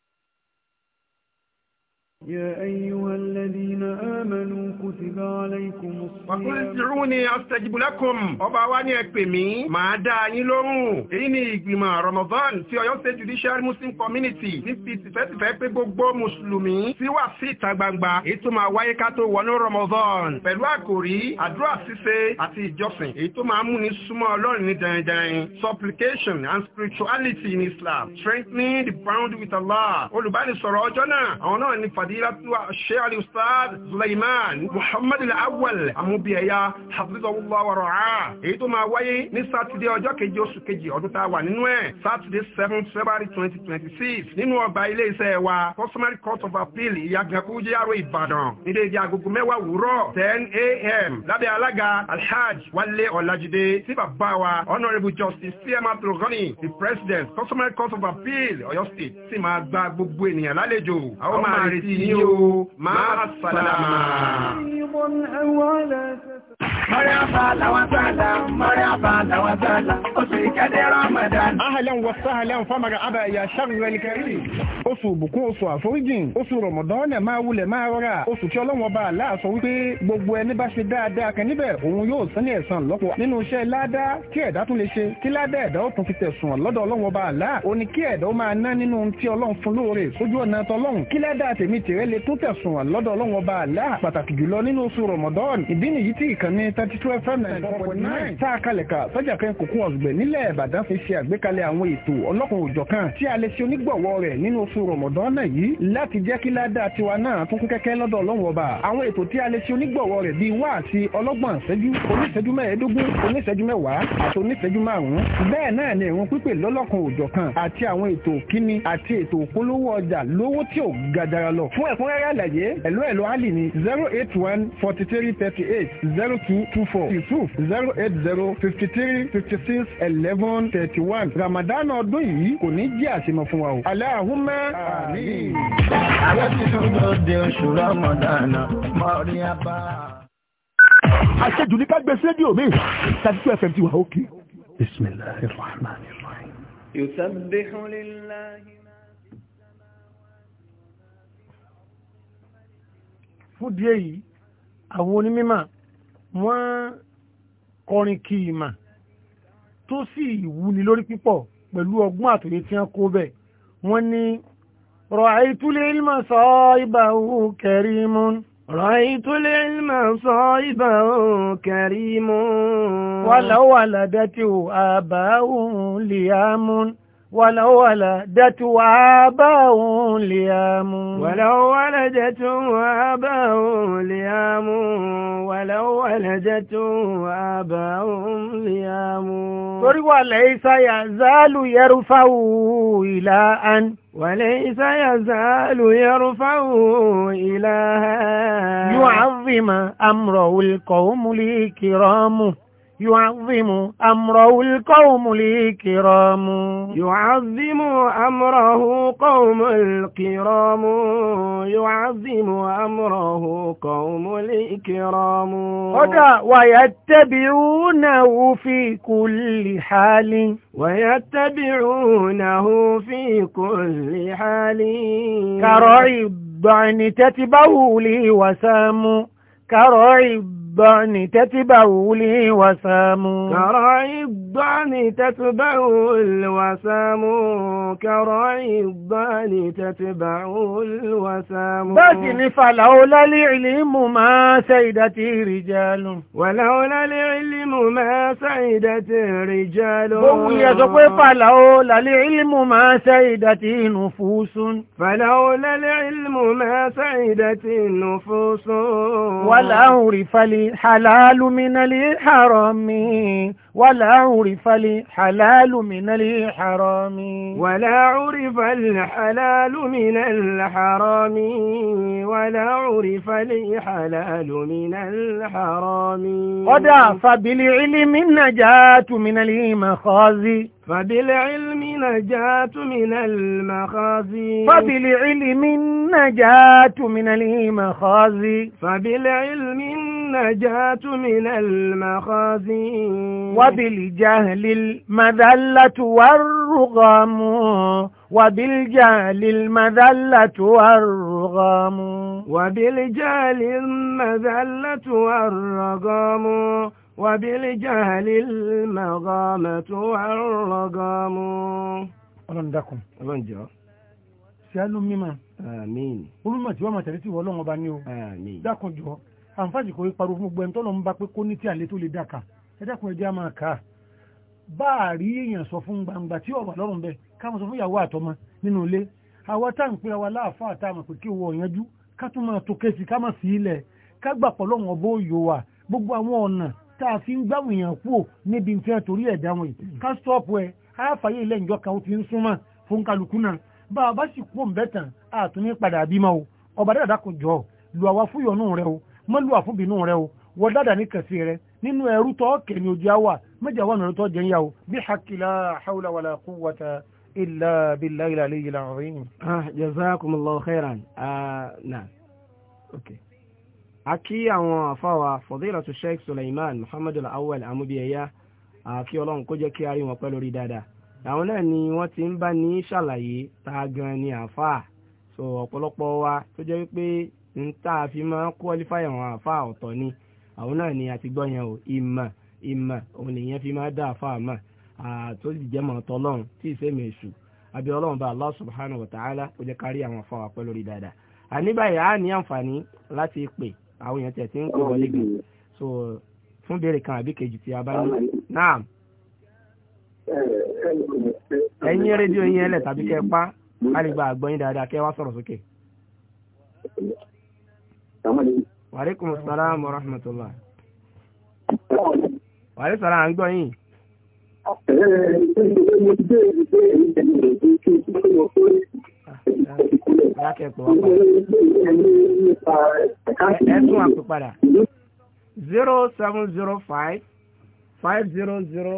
يا أيها الذين آمنوا كتب عليكم الصيام وقل ادعوني أستجب لكم ọba wa ní ẹ̀pẹ̀ mi máa dá yín lóhùn èyí ni ìgbìmọ̀ Ramadan tí Ọ̀yọ́ State Judicial Muslim Community ní fi tìfẹ́tìfẹ́ pé gbogbo mùsùlùmí tí wà sí ìta gbangba èyí tó máa wáyé ká tó wọnú Ramadan pẹ̀lú àkòrí àdúrà ṣíṣe àti ìjọsìn èyí tó máa múni súnmọ́ Ọlọ́run ní dandan supplication and spirituality in Islam strengthening the bond with Allah olùbánisọ̀rọ̀ ọjọ́ náà àwọn náà ní fàd fadilatu sheikh ustad suleiman muhammad al-awwal amúbíẹ̀yà hafizahullah wa ra'ah èyí tó máa wáyé ní sátidé ọjọ́ kejì oṣù kejì ọdún tá a wà february 2026. twenty six nínú wa customary court of appeal ìyàgànkú jẹ́rọ ìbàdàn ní déédéé agogo mẹ́wàá wúrọ̀ 10 a.m. lábẹ́ alága alhaj wálé ọ̀làjídé sí bàbá honorable honourable justice cm abdulghani the president customary court of appeal ọ̀yọ́ state sì máa gba gbogbo ènìyàn lálejò àwọn máa retí ní o máa sàlámà. Mọ́rí àbá làwọn sàlá, mọ́rí àbá làwọn sàlá ìkẹ́dé Ramadan. Ahlan wa sahlan famara aba ya sharral karim. Oṣù bùkún oṣù àforíjìn oṣù Ramadan máa wulẹ̀ máa rọra oṣù tí ọlọ́wọ́n bá Allah sọ wípé gbogbo ẹni bá ṣe dáadáa kan níbẹ̀ òun yóò san ní ẹ̀san lọ́pọ̀. Nínú iṣẹ́ ládá kí ẹ̀dá tún lè ṣe kí ládá ẹ̀dá ó tún fi tẹ̀sùn lọ́dọ̀ ọlọ́wọ́n bá Allah ó ní kí ẹ̀dá ó máa ná nínú tí ọlọ́run fún lóore sójú ọ̀nà tọlọ́run kí ládá tèmi tèrè le tún tẹ̀sùn lọ́dọ̀ ọlọ́wọ́n bá Allah pàtàkì jùlọ nínú oṣù Ramadan ìdí ìpínlẹ̀ ìbàdàn fi ṣe àgbékalẹ̀ àwọn ètò ọlọ́kùn òjọ̀kan tí a lè ṣe onígbọ̀wọ́ rẹ̀ nínú oṣù rọ̀mọ̀dọ́nà yìí láti jẹ́ kí ládàá tiwa náà tún kún kẹ́kẹ́ lọ́dọ̀ ọlọ́run ọba àwọn ètò tí a lè ṣe onígbọ̀wọ́ rẹ̀ bíi wáàsí ọlọ́gbọ̀n ìṣẹ́jú oníṣẹ́jú mẹ́ẹ̀ẹ́dógún oníṣẹ́jú mẹ́wàá àti oníṣẹ́jú márùn-ún bẹ́ẹ̀ náà ni ìrun pípè lọ́lọ́kan òjọ̀kan àti àwọn ètò kíni àti ètò òpolówó ọjà lówó tí ò gàdàrà zero eight one forty three thirty eight zero two two four yusuf zero eight zero fifty three fifty six eleven eleven thirty one ramadan ọdún yìí kò ní jẹ́ àṣemọ fún wa o. aláhùnmá àmín. ayé tuntun ló dé oṣù ramadan mọ́rí abá. àṣejù ní ká gbé rédíò mi tàbí tó fm ti wà ókè. bisimilahi rahman rahim. yusabbihu lillahi. fún díẹ̀ yìí àwọn onímọ̀ wọ́n kọrin kí ìmọ̀ tó sì wúni lórí pípọ̀ pẹ̀lú ọgbọ́n àtòyé tí wọ́n kó bẹ̀ wọ́n ní ra'aytul ilma sa'ibahu karimun ra'aytul ilma sa'ibahu karimun walaw waladatu abahu liyamun ولو ولدته آباؤهم ليام ولو ولدته آباؤهم ليام ولو ولدته آباؤهم ليام torí wà lẹ́yìísá yàzálù yẹrùfáwù ìlà àn. وليس يزال يرفع إلها يعظم أمره القوم الكرام يعظم أمره القوم الكرام يعظم أمره قوم الكرام يعظم أمره قوم الكرام قد ويتبعونه في كل حال ويتبعونه في كل حال كرعي الضعن تتبولي وسام كرعب الضأن تتبعه الوسام كراعي الضأن تتبعه الوسام كراعي الضأن تتبعه الوسام باتن فلولا العلم ما سيدت رجال ولولا العلم ما سيدت رجال بوية فلولا العلم ما سيدت نفوس فلولا العلم ما سيدت نفوس ولا عرف لي حلال من الحرام ولا عرف الحلال من الحرام ولا عرف الحلال من الحرام ولا عرف الحلال من الحرام قد فبالعلم النجاة من المخازي فبالعلم نجاة من المخازي فبالعلم نجاة من المخازي فبالعلم نجاة من المخازي وبالجهل المذلة والرغم وبالجهل المذلة والرغم وبالجهل المذلة والرغم وبالجهل المغامة والرغم ọlọ́run dákun. ọlọ́run jọ. sẹ́nu mímọ́. àmín. olùmọ̀ tí wọ́n mọ̀ tẹ̀lé tí wọ́n lọ́wọ́ bá ní o. àmín. dákun jọ àǹfààní kò rí pariwo fún gbogbo ẹni ń bá pé kó ní tí àlẹ́ tó lè dà ẹ̀dẹ́kùn ẹ̀dẹ́ máa kà á bá a rí èèyàn sọ fún gbangba tí ọ̀wà lọ́rùn bẹ káwọn sọ fún ìyàwó àtọmọ nínú ilé àwa tá ń pera wa láàfà tá a mọ̀ pé kí owó ọ̀yanjú ká tún máa tó kéèsì ká má sí ilẹ̀ ká gbà pọ̀ lọ́wọ́n ọbọ̀ òyò wa gbogbo àwọn ọ̀nà tá a fi ń gbáwọn èèyàn kúò níbi nǹkan torí ẹ̀dá wọn yìí ká stọ́ọ̀pù ẹ̀ àáfàyè ilẹ̀ ìjọ kan ó ti ń súnmọ́ fún kálukú náà bá a bá sì kú òǹbẹ́ tán àtúní padà bímọ o ọba dáadáa kò jọ lu àwa fúyọ̀nù rẹ o mọ́ lu àfúnbínú rẹ o wọ́n dáadáa ní kẹsì rẹ nínú ẹ̀rú tọ́ kẹ̀mí ojú àwà mẹ́jà wà nínú tọ́ jẹ́ ìyàwó bí hakila haula wala quwwata illa billahi aliyu alazim. Ah, jazakumullahu khairan ah, na okay. a kí àwọn àfáwà fadilatu sheikh suleiman muhammadu awal amubiyaya àfi ọlọ́run kó jẹ́ kí a rí wọn pẹ́ lórí dáadáa àwọn náà ni wọ́n ti ń bá ní ṣàlàyé ta gan ni àáfàá ọ̀pọ̀lọpọ̀ wa tó jẹ́ wípé ń tá a fi máa ń kọ́lífàyà àwọn àáfàá ọ̀tọ̀ ni àwọn náà ni àti gbọ́ yẹn o ìmọ̀ ìmọ̀ òun nìyẹn fi máa dá àfa àmà a sì jẹ́ mọ̀ tí ì sẹ́mi èṣù àbí ọlọ́run bá Allah subhanahu wa ta'ala ó jẹ́ kárí àwọn afọ àpẹ́ lórí dáadáa àní báyìí a ní àǹfààní láti pè àwọn èèyàn tẹ̀ tí ń so fún béèrè kan àbí kejì tí a bá ní náà ẹ̀yin rédíò yín ẹlẹ̀ tàbí kẹ́ pa a lè wàlékùn sàlámù rahmatullah. wàlé sàrà à ń gbọ́ yín. ẹ̀sùn àpèpadà zero seven zero five five zero zero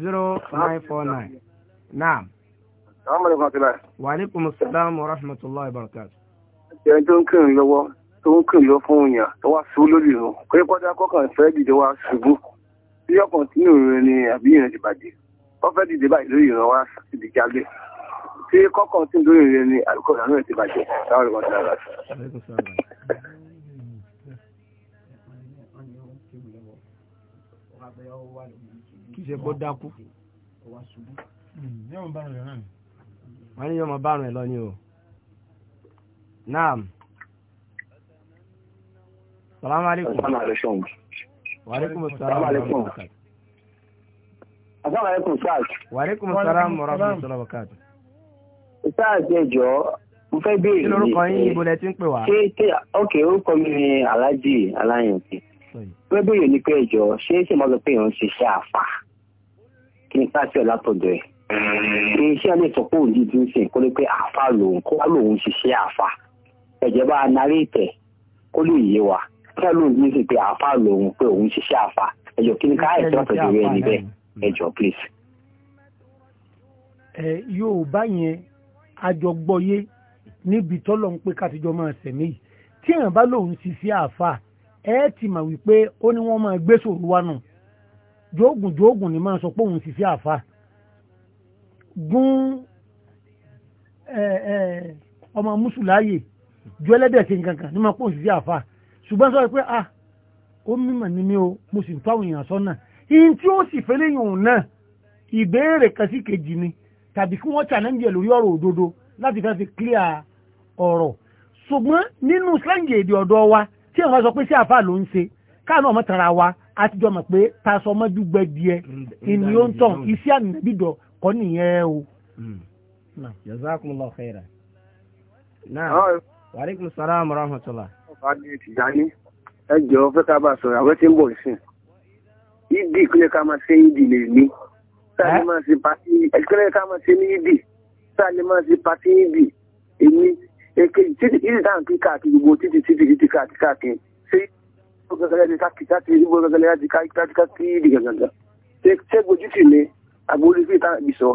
zero five four nine naam. salaamaleykum wa rahmatulahi. wa aleykum rahmatulahi wa ẹni tó ń kírun lọ́wọ́ tó ń kírun lọ fún èèyàn tó wá sùn lórí ìrun pé kọ́dá kọ́kàn fẹ́ dìde wá ṣubú bí ọkàn tí ní òun ni àbí ìrìn ti bàjẹ́ wọ́n fẹ́ dìde báyìí lórí ìrun wá síbi jáde tí kọ́kàn tí lórí ìrìn ni àlùkò ìrìn náà ti bàjẹ́ láwọn ìwọ̀n ti kì í ṣe kó dákú hmm. wọ́n ní yóò mọ bárùn ẹ̀ lọ ní o naam salaam aleykum. salaam aleykum. wa aleykum salaam wa rahmatullahi wa barakatuh. asalaamu aleykum saad. wa aleykum salaam wa rahmatullahi wa barakatuh. saad ẹ jọ̀ọ́ mo fẹ́ béèrè. kí lorúkọ yín ibo lẹ ti ń pè wá. ṣé ṣé ok orúkọ mi ni alhaji alayante. mo fẹ́ béèrè ní pé ẹ jọ̀ọ́ ṣé ṣé mo sọ pé èèyàn ń ṣiṣẹ́ àfà kí n pàṣẹ látọ̀dọ̀ ẹ̀. iṣẹ́ mi sọ pé òun dídí ń sìn kó lè pé àfà lòun kó wá lòun ṣiṣẹ́ àfà ẹ̀jẹ̀ bá anarí ìtẹ̀ kó lè yé wa kíá lóun ní sí pé àáfà lòun pé òun ṣiṣẹ́ àáfà ẹ̀jọ̀ kí ni ká ẹ̀jẹ̀ ọ̀tọ̀ jù rẹ̀ níbẹ̀ hmm. ẹ̀jọ̀ please. ẹ yóò bá yẹn àjọgbọ́yé níbi tọ́lọ̀ ń pé kátijọ́ máa sẹ̀mí yìí tí èèyàn bá lòun ṣiṣẹ́ àáfà ẹ ti mà wípé ó ní wọ́n máa gbé sòrò wa nù jóògùn jóògùn ni máa sọ pé òun ṣiṣẹ́ àáfà gún ọmọ mùsùláyè ju ẹlẹ́dẹ̀ ṣe nǹkan kan ní máa pọ̀ sí àfa ṣùgbọ́n sọ pé ah ó mímọ̀ ní mi o mo sì ń na èèyàn sọ́nà ihun tí ó sì fẹ́lẹ́ yòó náà ìbéèrè kan sí kejì ni tàbí kí wọ́n challenge lórí ọ̀rọ̀ òdodo láti fẹ́ fi clear ọ̀rọ̀ ṣùgbọ́n wa tí èèyàn sọ pé sí àfa ló ń ṣe káàánú ọmọ tara wa a ti jọ mọ̀ ìní ó ń tàn iṣẹ́ kọ́ nìyẹn o. Hmm. náà wàlíkùn sàlámù rahmatulá. ọba ní Tìjàní ẹ jọ fẹ́ ká bá sọ̀rọ̀ àwọn tí ń bọ̀ sí ìdí ìpínlẹ̀ ká máa ṣe ìdí lè ní sáàlì máa ṣe pàtí ìpínlẹ̀ ká máa ṣe ní ìdí sáàlì máa ṣe pàtí ìdí èmi èkejì títí ìdí táwọn kí káàkiri gbogbo títí títí títí káàkiri káàkiri ṣé ìbò gẹ́gẹ́ láti káàkiri ìbò gẹ́gẹ́ láti káàkiri ìdí gẹ́gẹ́ ṣé gbójútì ni àgbórí fi ìtàn ìbísọ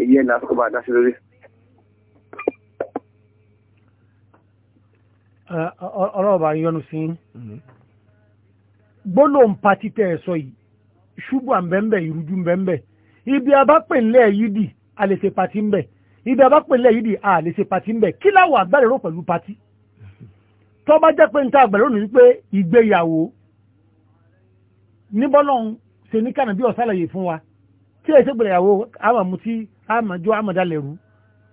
èyí ẹ̀ náà kọ́ bá ọlọ́ọ̀bá yọnu sí mm-hmm. gbólóhùn pati tẹ̀ ẹ̀ sọ yìí ṣubú àmbẹ́ńbẹ́ ìrújú mbẹ́ńbẹ́ ibi abápẹ̀lẹ̀ yìí dì a lè ṣe pati mbẹ́ ibi abápẹ̀lẹ̀ yìí dì a lè ṣe pati mbẹ́ kí láwọ̀ àgbàlérò pẹ̀lú pati mm-hmm. tó bá jẹ́ pé n ta àgbàlérò ní wípé ìgbéyàwó níbọ́lọ́hún ṣe ní kànábí ọ̀sálàyé fún wa tí èsì ìgbéyàwó àwọn àmútí àmàjọ àmàdálẹ̀rú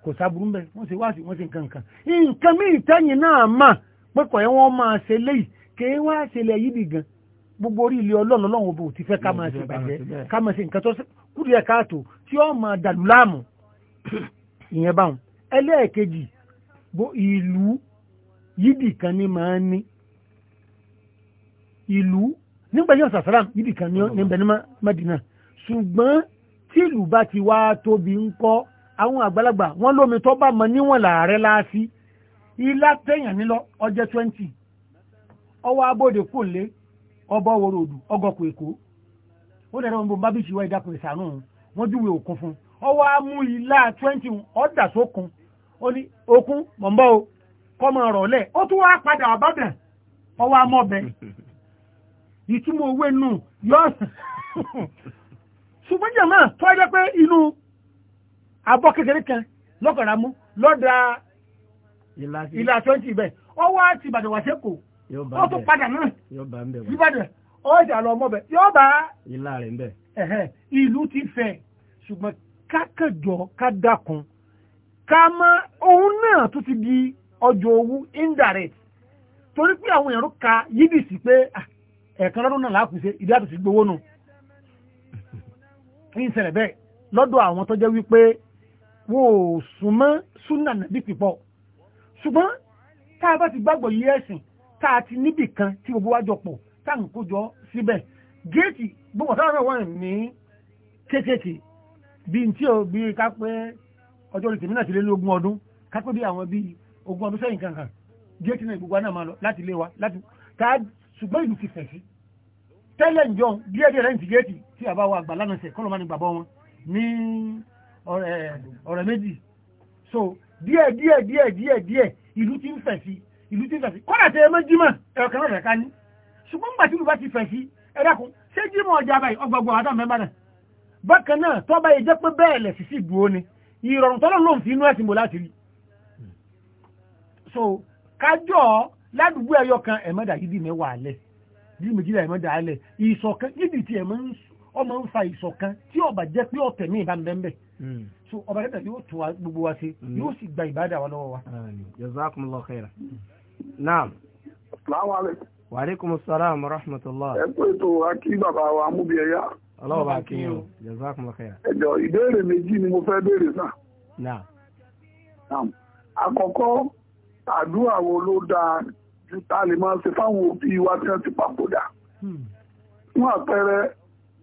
kò sábúrú mbẹ́ wọ́n ṣe wáṣí wọ́n ṣe nǹkan nǹkan nǹkan míì tẹ́yìn náà máa pẹ́kọ̀ ẹ̀ wọ́n máa ṣe léyìí kèé wá ṣẹlẹ̀ yìí nìgan gbogbo orí ilé ọlọ́run ọlọ́run òbò ti fẹ́ ká máa ṣe bàjẹ́ ká máa ṣe nǹkan tó kúrò ẹ̀ káàtó tí ó máa dàlú láàmú ìyẹn báwọn ẹlẹ́ẹ̀kejì ìlú yídì kan ní máa ń ní ìlú nígbà yóò sàsàrà yídì kan ní bẹni mẹ́dínà ṣùgbọ́n tí ìlú bá ti wá tóbi ńkọ́ àwọn àgbàlagbà wọ́n lómi tó bá mọ níwọ̀n làárẹ̀ láásí ilá tẹ̀yàn nílọ ọjẹ́ twenty ọwọ́ abóde kò lé ọbọ̀ wòrò òdù ọgọ́kù èkó ó dẹ̀ náà wọn bó bábíṣì ìsànú wọn júwe òkun fún ọwọ́ amú ilá twenty ọ̀dà sókun ó ní okun mọ̀nbọ́ o kọ́mọ rọ̀lẹ́ ó tún wá padà àbábẹ̀ ọwọ́ amọ́bẹ̀ ìtumọ̀ owó inú yọ ṣùgbọ́n jẹ̀mọ́ tó ẹjẹ́ pé inú ìlà twenty bẹ́ẹ̀ ọwọ́ àti ìbàdàn wà sẹ́kọ̀ọ́ ó tún padà náà ìbàdàn ọjà lọ mọ́ bẹ́ẹ̀ yóò bá ìlà rẹ̀ bẹ́ẹ̀ ìlú ti fẹ̀ ṣùgbọ́n kákàjọ ká dákun ká má òun náà tún ti di ọjọ́ owó indirect torí pé àwọn èèyàn ka yídì sí pé ah, ẹ̀ẹ̀kan lọ́dún náà láàkùsẹ̀ ìdí àtúnṣe gbowó nù kí n ṣẹlẹ̀ bẹ́ẹ̀ lọ́dọ̀ àwọn tó jẹ́ wípé wọn ò súnmọ́ súnà nàbí pípọ̀ ṣùgbọ́n tá a bá ti gbàgbọ́ yí ẹ̀sìn tá a ti níbì kan tí gbogbo wájọ pọ̀ tá à ń kójọ síbẹ̀ géètì gbogbo táwọn náà wà ní kéékèèké bíi tí o bíi ká pé ọjọ́ orí tèmi náà ti lé lógún ọdún ká pé bí àwọn bíi ogún ọdún sẹ́yìn kankan géètì náà gbogbo náà máa lọ láti lé wa láti tá a ṣùgbọ́n ìlú ti fẹ̀ sí tẹ́lẹ̀ ń jọ díẹ̀ díẹ̀ lẹ́yìn ti géètì tí a bá wa àgbà lánàá sẹ̀ kọ́ ló má ní díẹ̀ díẹ̀ díẹ̀ díẹ̀ díẹ̀ ìlú ti ń fẹ̀ sí ìlú ti ń fẹ̀ sí kọ́nà tẹ ẹmọ jímọ̀ ẹ̀rọ kan náà rẹ̀ ká ní ṣùgbọ́n gbàtí ìlú bá ti fẹ̀ sí ẹ dákun ṣé jímọ̀ ọjà báyìí ọgbọgbọ àdá mẹ́mbà náà bákan náà tó bá yẹ jẹ́ pé bẹ́ẹ̀ lẹ̀ sì sí ìdúró ni ìrọ̀rùn tọ́lọ́ ló ń fi inú ẹ̀sìn bò láti rí so kájọ́ ládùúgbò ẹyọ kan ẹ̀mọ́dà yìí dì mẹ́wàá alẹ́ bí méjìlá ẹ̀mọ́dà alẹ́ ìṣọ̀kan yìí dì tí ẹ̀mọ́ ń ọmọ ń fa ìṣọ̀kan tí ọba jẹ́ pé ọ̀tẹ̀ mi ìbá mbẹ́mbẹ́ hmm. so ọba dẹ́dà yóò tún gbogbo wa ṣe hmm. yóò sì gba ìbádà wa lọ́wọ́ wa. jazakumullahu khairan naam. salaamu aleykum. wa salaam wa rahmatulah. ẹ pé tó a kí bàbá wa amúbi ẹ̀yà. ọlọ́wọ́ bá kí yín o jazakumullahu khairan. ẹ jọ ìbéèrè méjì ni mo fẹ́ béèrè sá. naam. naam àkọ́kọ́ àdúrà wo ló dáa ju tá a lè máa ṣe fáwọn òbí wa tí wọ́n ti papòdà. Hmm. fún àpẹẹrẹ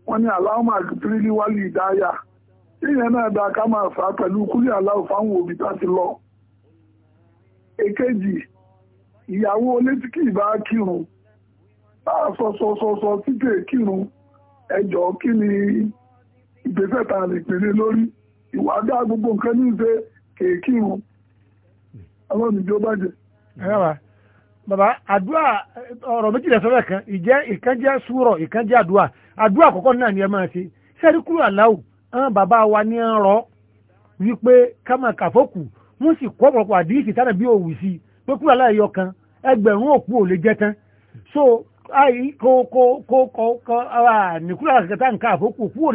wọ́n ní aláwọ̀mọ̀ àgbẹ̀tìrìlì daya ìdáyà ìyẹn náà dáa ká máa fà á pẹ̀lú kúlẹ̀ aláwọ̀ fáwọn lọ. ìyàwó létí bá kírun bá a sọ kírun ẹjọ́ kí ni ìgbésẹ̀ lè lórí ìwà dá gbogbo nǹkan ní ọlọ́run bàjẹ́. kan ìjẹ́ àdúrà àkọ́kọ́ náà ni ẹ máa ṣe sẹ́rí kúrò àláwù bàbá wa ní ń rọ wípé ká máa kàfókù wọ́n sì kọ́ ọ̀pọ̀lọpọ̀ owu tánà bí òwì sí pé kúrò aláìyọ kan ẹgbẹ̀rún òkú ò lè jẹ tán so àì kó kó kó kó kó nìkúrò àkàkẹ́ tá nǹkan àfókù ò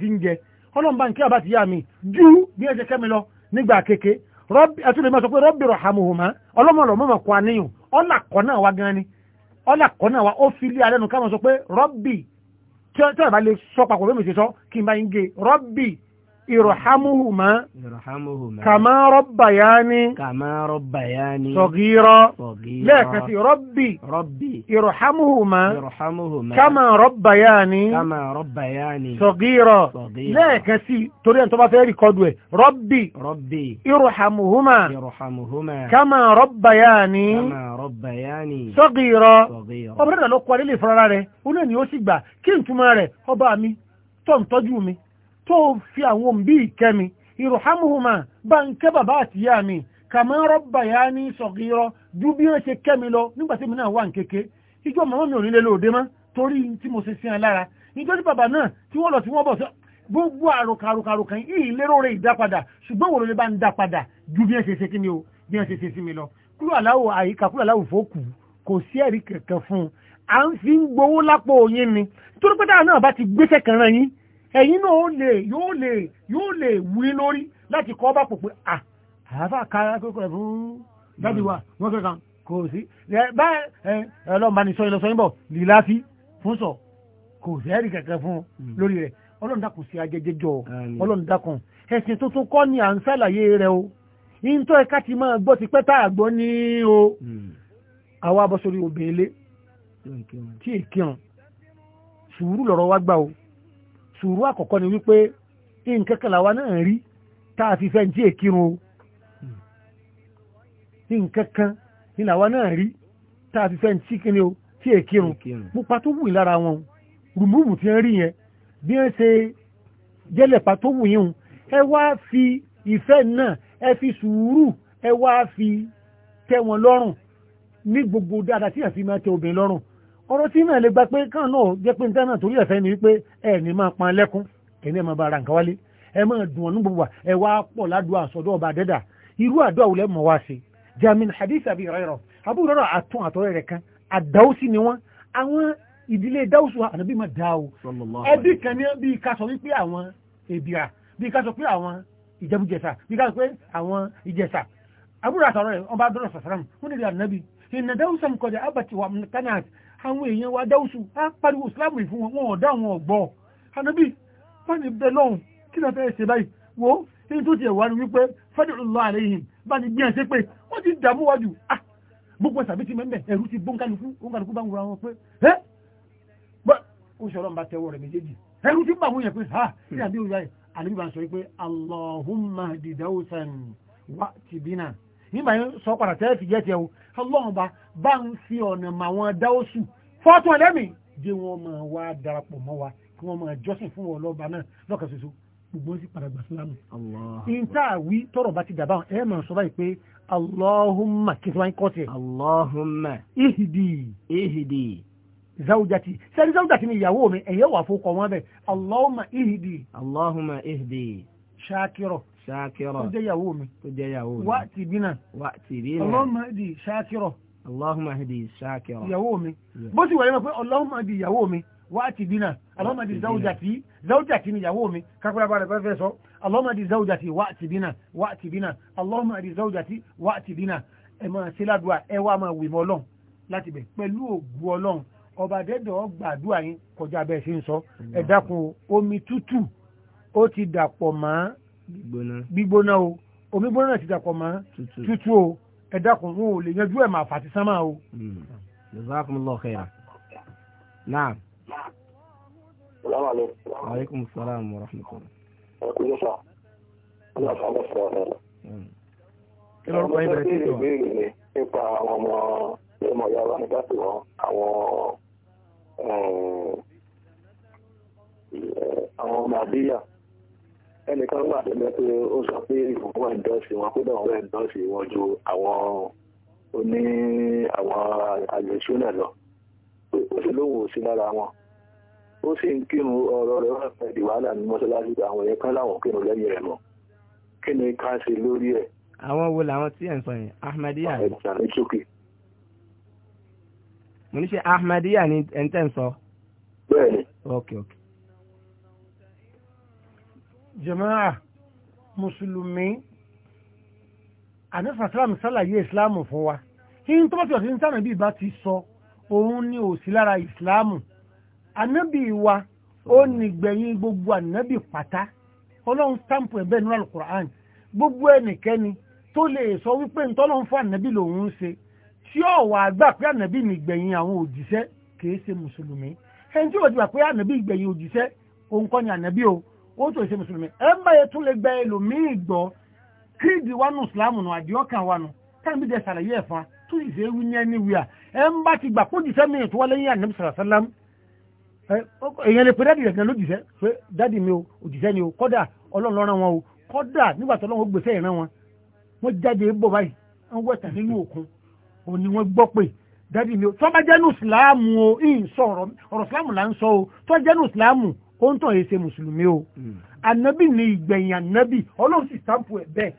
ti ń jẹ ọlọ́run bá ń kí yá mi ju bí ẹ ṣe kẹ́ mi lọ nígbà kéke rọ́bì rọ̀hàmùhùmá ọlọ́mọlọ́ náà tí ọ̀bá lè sọ papọ̀ bí mi ṣe sọ kí n bá yín gé rọ́bì irhamuhuma kama rabbayani kama rabbayani sagira lẹ́ẹ̀kan sí rabbi rabbi irhamuhuma irhamuhuma kama rabbayani kama rabbayani sagira lẹ́ẹ̀kan sí torí ẹni tó bá fẹ́ rí kọ́dù ẹ̀ rabbi rabbi irhamuhuma irhamuhuma kama rabbayani kama rabbayani sagira ọbẹ̀rẹ̀ lọ́kọ̀ alẹ́lẹ́ ìfọ́nra rẹ̀ ó lẹ́ni ó sì gbà kí n mi tọ́ ń tọ́jú mi tó fi àwọn bí ìkẹ́mi ìrùhámùhùmá bá ń kẹ́ bàbá àti yá mi kàmá rọ́bà yá ní sọ̀gírọ́ ju bí wọ́n ṣe kẹ́mi lọ nígbà tí mi náà wà ń kéke ìjọ màmá mi ò nílé lóde mọ́ torí tí mo ṣe sí ẹ lára ìjọ tí bàbá náà tí wọ́n lọ tí wọ́n bọ̀ sí gbogbo àròkàròkàròkà yìí lérò rẹ̀ ìdápadà ṣùgbọ́n wòlò lè bá ń dápadà ju bí wọ́n ṣe ṣe kí ni o bí wọ́n ṣe ṣe sí mi lọ kúrò aláwò àyíká kúrò aláwò fòkù kò sí ẹ̀rí kẹ̀kẹ́ fún un à ń fi ń gbowó lápò yín ni torí náà bá ti gbéṣẹ́ kan rán yín ẹ̀yin náà ó lè yóò lè yóò lè wúrí lórí láti kọ́ bá pò pé à àáfà kára kókò rẹ̀ fún jáde wa wọ́n kẹ́kàn kò sí bá ẹlọ́mbanisọ ìlọsọyìnbọ̀ líláfí fún sọ kò sí ẹ̀rí kẹ̀kẹ́ fún hmm. lórí rẹ̀ ọlọ́run dákun sí ajẹjẹjọ ọlọ́run dákun ẹ̀sìn tuntun kọ́ ni à ń ṣàlàyé rẹ̀ o ìntọ́ ẹ̀ka ti máa gbọ́ ti pẹ́ tá a gbọ́ ní o hmm. àwa abọ́sọ̀rí obìnrin lé tí èkìhàn sùúrù lọ́rọ̀ wá gbà o sùúrù àkọ́kọ́ ni wípé nǹkan kan làwa náà rí tá a fi fẹ́ jí èkírun o nǹkan kan ni làwa náà rí tá a fi fẹ́ jí kíni o tí èkírun pupa tó wù lára wọn rùmùrùmù tí ń rí yẹn bí wọ́n ṣe jẹ́lẹ̀pá tó wù yín o ẹ wá fi ìfẹ́ náà ẹ fi sùúrù ẹ wá fi tẹ́ wọn lọ́rùn ní gbogbo dáadáa tí yàn fi máa tẹ obìnrin lọ́rùn ọ̀rọ̀ tí náà lè gba pé kàn náà jẹ́ pé nǹkan náà torí ẹ̀fẹ́ ni wípé ẹ̀ ní máa pan lẹ́kún kìíní ẹ̀ máa bá ara nǹkan wálé ẹ máa dùn ọ̀nù gbogbo ẹ wá pọ̀ ládùúgbò àsọdọ̀ ọba àdẹ́dà irú àdúrà wò lẹ́mọ̀ wá sí jamin hadith abi rẹ̀rọ̀ abu rẹ̀rọ̀ àtún àtọ̀rẹ́ rẹ̀ kan àdáwùsí ni wọ́n àwọn ìdílé dáwùsù ànábì máa dá o ẹbí kan ní bí ká sọ wípé àwọn èbìrà bí ká sọ pé àwọn ìjẹbújẹsà bí ká sọ pé àwọn ìjẹsà abu rẹ̀rọ̀ rẹ̀ ọba adọ́rọ̀ sàsàràm wọ́n ní àwọn èèyàn wa dáwùsù á pariwo islam fún wọn wọn ò dá wọn ọ̀gbọ́ anabi fani bẹ kí ló fẹ́ báyìí wo èyí tó tiẹ̀ wá ni wípé fad'ullah alayhim bá ní gbìyànjú ṣe pé wọ́n ti dààmú wájú ah gbogbo ẹ̀sàbí ti mẹ́mẹ́ ẹ̀rú ti bóńkálukú bóńkálukú bá ń wura wọn pé ẹ́ bọ́ ó ha ní àbí òyà yìí Allahumma dìdáwùsàn wá tìbínà nígbà yẹn sọ padà tẹ́lẹ̀ fi jẹ́ tiẹ̀ o ọlọ́run bá bá ń fi ọ̀nà mà wọn dáwọ́sù fọ́tún ẹlẹ́mì jẹ́ wọn máa wá darapọ̀ mọ́ wa kí wọ́n máa jọ́sìn fún ọlọ́ba náà lọ́kàn ṣoṣo gbogbo sí padà gbà sílámù. ìta àwí tọrọ bá ti dàbà ẹ máa sọ báyìí pé Allahumma kí wọ́n kọ́ tiẹ̀. Allahumma ihdi ihdi zawjati sẹ́ni zawjati ni ìyàwó mi ẹ̀yẹ́ wà fún kọ́ wọn bẹ́ẹ̀ Allahumma ihdi. Allahumma ihdi. ṣáàkìrọ̀ ṣáàkìrọ̀ tó jẹ́ ìyàwó mi tó jẹ́ ìyàwó mi wá ti bínà wá ti bínà Allahumma di ṣáàkìrọ̀ Allahumma di ṣáàkìrọ̀ ìyàwó mi bó ti wà lẹ́nu pé Allahumma di ìyàwó mi wá ti bínà Allahumma di zawjati zawjati ni ìyàwó mi kápẹ́lá bá rẹ̀ fẹ́ fẹ́ sọ Allahumma di zawjati wá ti bínà wá ti bínà Allahumma di zawjati wá ti bínà ẹ máa ṣe ládùúgbà ẹ wá máa wì mọ́ ọlọ́run láti bẹ̀ pẹ̀lú ògùn ọlọ́run ọba gbígbóná o omi gbóná ti dàpọ̀ mọ́ tútù o ẹ dákun wọn ò lè yanjú ẹ̀ máa fàtí sánmà o. Hmm. jazakumullahu khairan naam. salaamaleykum. aleykum salaam wa rahmatulah. Hmm. ọkùnrin sọ ọ náà sábà sọ ọ kí ló ń pa ibẹ̀rẹ̀ títọ̀. ìbéèrè mi nípa àwọn ọmọ ọmọ ìyá wa nígbà tó wọn àwọn eh, eh, àwọn ọmọ àbíyà ẹnìkan wà lẹ́gbẹ́ pé ó sọ pé ìwọ̀n wà dọ́ọ̀sì wọn kódà wọn wà dọ́ọ̀sì wọn ju àwọn oní àwọn àjẹsúnà lọ ó sì lóun ò sí lára wọn ó sì ń kírun ọ̀rọ̀ rẹ̀ wà pẹ̀lú wàhálà ní mọ́ṣáláṣí àwọn yẹn kan láwọn kírun lẹ́yìn rẹ̀ mọ́ kí ni ká ṣe lórí ẹ̀. àwọn wo làwọn tí ẹ̀ ń sọ yẹn ahmadiyya. mo ní ṣe ahmadiyya ni ẹ̀ ń tẹ̀ ń sọ. bẹ́ẹ̀ ni. ok ok jama'a mùsùlùmí ànífà sálàmù sálàyé Islamu fún wa yínyìn tó bá ti ọ̀sìn tánà bí ìbá ti sọ òun ni ò sí lára ìsìláàmù ànábì wa ó nìgbẹ̀yìn gbogbo ànábì pátá ọlọ́run stamp ẹ̀bẹ́ nínú alukur'an gbogbo ẹnikẹ́ni tó lè sọ wípé ntọ́lọ́run fún ànábì lòun ń ṣe tí ó wà gbà pé ànábì nìgbẹ̀yìn àwọn òjíṣẹ́ kìí ṣe mùsùlùmí ẹni tí ó ti pé ànábì ìgbẹ̀yìn òjíṣẹ́ òun kọ́ ni ànábì o ó tó ṣe mùsùlùmí ẹ bá yẹ tún lè gba ẹlòmíì gbọ́ kíìdì wánú ìsìláàmù nù àdìọ́kàn wánú káàmì jẹ sàlàyé ẹ̀fọn tó sì ṣe wí ní ẹni wíà ẹ ń bá ti gbà kó jìṣẹ́ mi tó wá lẹ́yìn ànábì sàlàsálàm èèyàn lè pe dádì rẹ̀ gan ló jìṣẹ́ pé dádì mi o òjìṣẹ́ ni o kọ́dà ọlọ́run ló rán wọn o kọ́dà nígbà tó lọ́wọ́ gbèsè ìran wọn wọ́n jáde bọ̀ báyìí wọ́n wẹ̀tà nínú jẹ́nu ìsìláàmù o ìyìn sọ ọ̀rọ̀ ìsìláàmù là ń sọ o tó jẹ́nu ìsìláàmù ó tàn yìí ṣe o Anabi hmm. ni ìgbẹ̀yìn ànábì ọlọ́run sì sáǹpù ẹ̀ bẹ́ẹ̀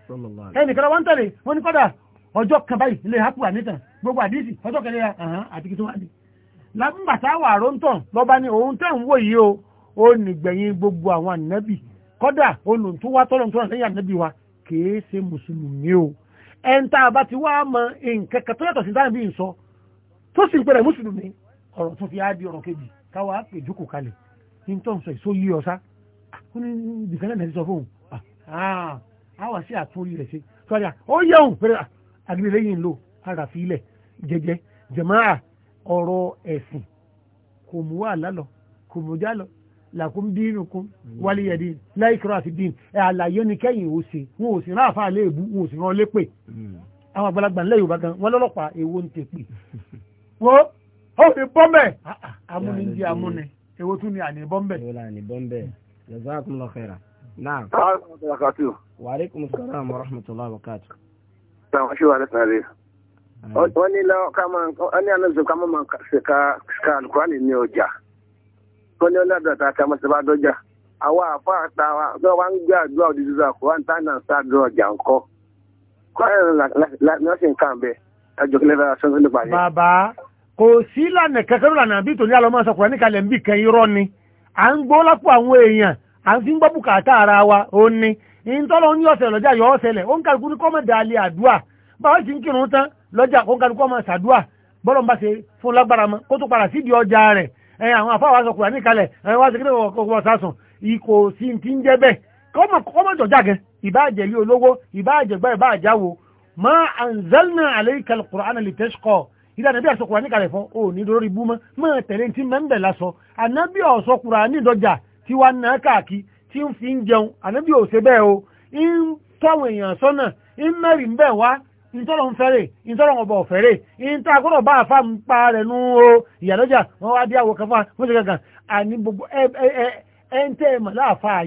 ẹnìkan wọn tẹ̀lé wọn ní kọ́dà ọjọ́ kan ilé hapu gbogbo àdísì ọjọ́ kẹlẹ́ àti kí tó wá ní. lábùbàtà wà róńtàn lọ́ba ni òun tẹ̀ ń o ó gbogbo àwọn anabi. kọ́dà lẹ́yìn wa ṣe mùsùlùmí ní tó ń sọ èso yí ọ̀sá ó ní ìdìkan náà ti sọ a wà sí àtúnrí rẹ̀ ṣe sọ́jà ó yẹun pẹ̀lú àgbélé yìí ń lò ara fi ilẹ̀ jẹjẹ jẹ̀máà ọ̀rọ̀ ẹ̀sìn kò mú wà lálọ kò mú jálọ làkún dínú kún wálé ẹ̀dí láìkírọ̀ àti dín ẹ̀ àlàyé ni kẹ́yìn ò sí wọn ò sí ráàfà léèbú wọn ò sí rán lépè àwọn àgbàlagbà ńlẹ̀ Yorùbá gan wọn lọ́lọ́pàá èwo ń tèpè wọ́n ó fi bọ́mẹ̀ amúnijì amúni èwo tún ni àníbọ́ ń bẹ̀. èwo la àníbọ́ ń bẹ̀ jazakumullahu khaira. naam. wa alaikum salaam wa rahmatullahi wa barakatuh. sàwọn ṣé wà lẹ́sàn-án rẹ̀. wọ́n ní lọ́wọ́ ká máa wọ́n ní àlọ́sọ̀ ká máa ṣe ká ṣe alukurani ní ọjà. wọ́n ní ọlọ́dọ̀ tá a ká máa ṣe bá dọ́jà. àwa àfa àtàwọn tó wá ń gbé àdúrà òdìdí àkùrán táwọn sáà dúró ọjà ńkọ́ kò sí lànà kẹkẹrù lànà bí tòní àlọ́mọ́ sọkùnrin níkàlẹ̀ ń bì kan irọ́ ni à ń gbọ́ lápò àwọn èèyàn à ń fi ń gbọ́ bùkátà ara wa ó ní ìtọ́lọ́ ní ọ̀sẹ̀ lọ́jà yọ ọ̀sẹ̀lẹ̀ ó ń kálukú ní kọ́mọ̀ dalẹ̀ àdúà báwa sì ń kírun tán lọ́jà ó ń kálukú ọmọ sàdúà bọ́lọ̀ ń bá ṣe fún lágbára mọ́ kó tó padà sídìí ọjà rẹ̀ àwọn afáwà ìdá nàbí àṣọ kùránì kalẹ̀ fún ò ní lórí bú mọ́ mọ́ tẹ̀lé tí mẹ́ńbẹ̀ lásọ ànábì ọ̀ṣọ kùránì dọjà tí wàá nà káàkiri tí ń fi ń jẹun ànábì ò ṣe bẹ́ẹ̀ o ń tọ́wọ̀ èèyàn sọ́nà ń mẹ́rin ń bẹ̀ wá ìtọ́lọ̀ ń fẹ́rẹ̀ ìtọ́lọ̀ ọ̀bọ̀ ọ̀fẹ́rẹ̀ ìta gbọ́dọ̀ bá àfà ń pa rẹ̀ nú o ìyàlọ́jà wọn wá dé àwọ̀ kan fún wa wọ́n ṣe kankan àní ẹ fara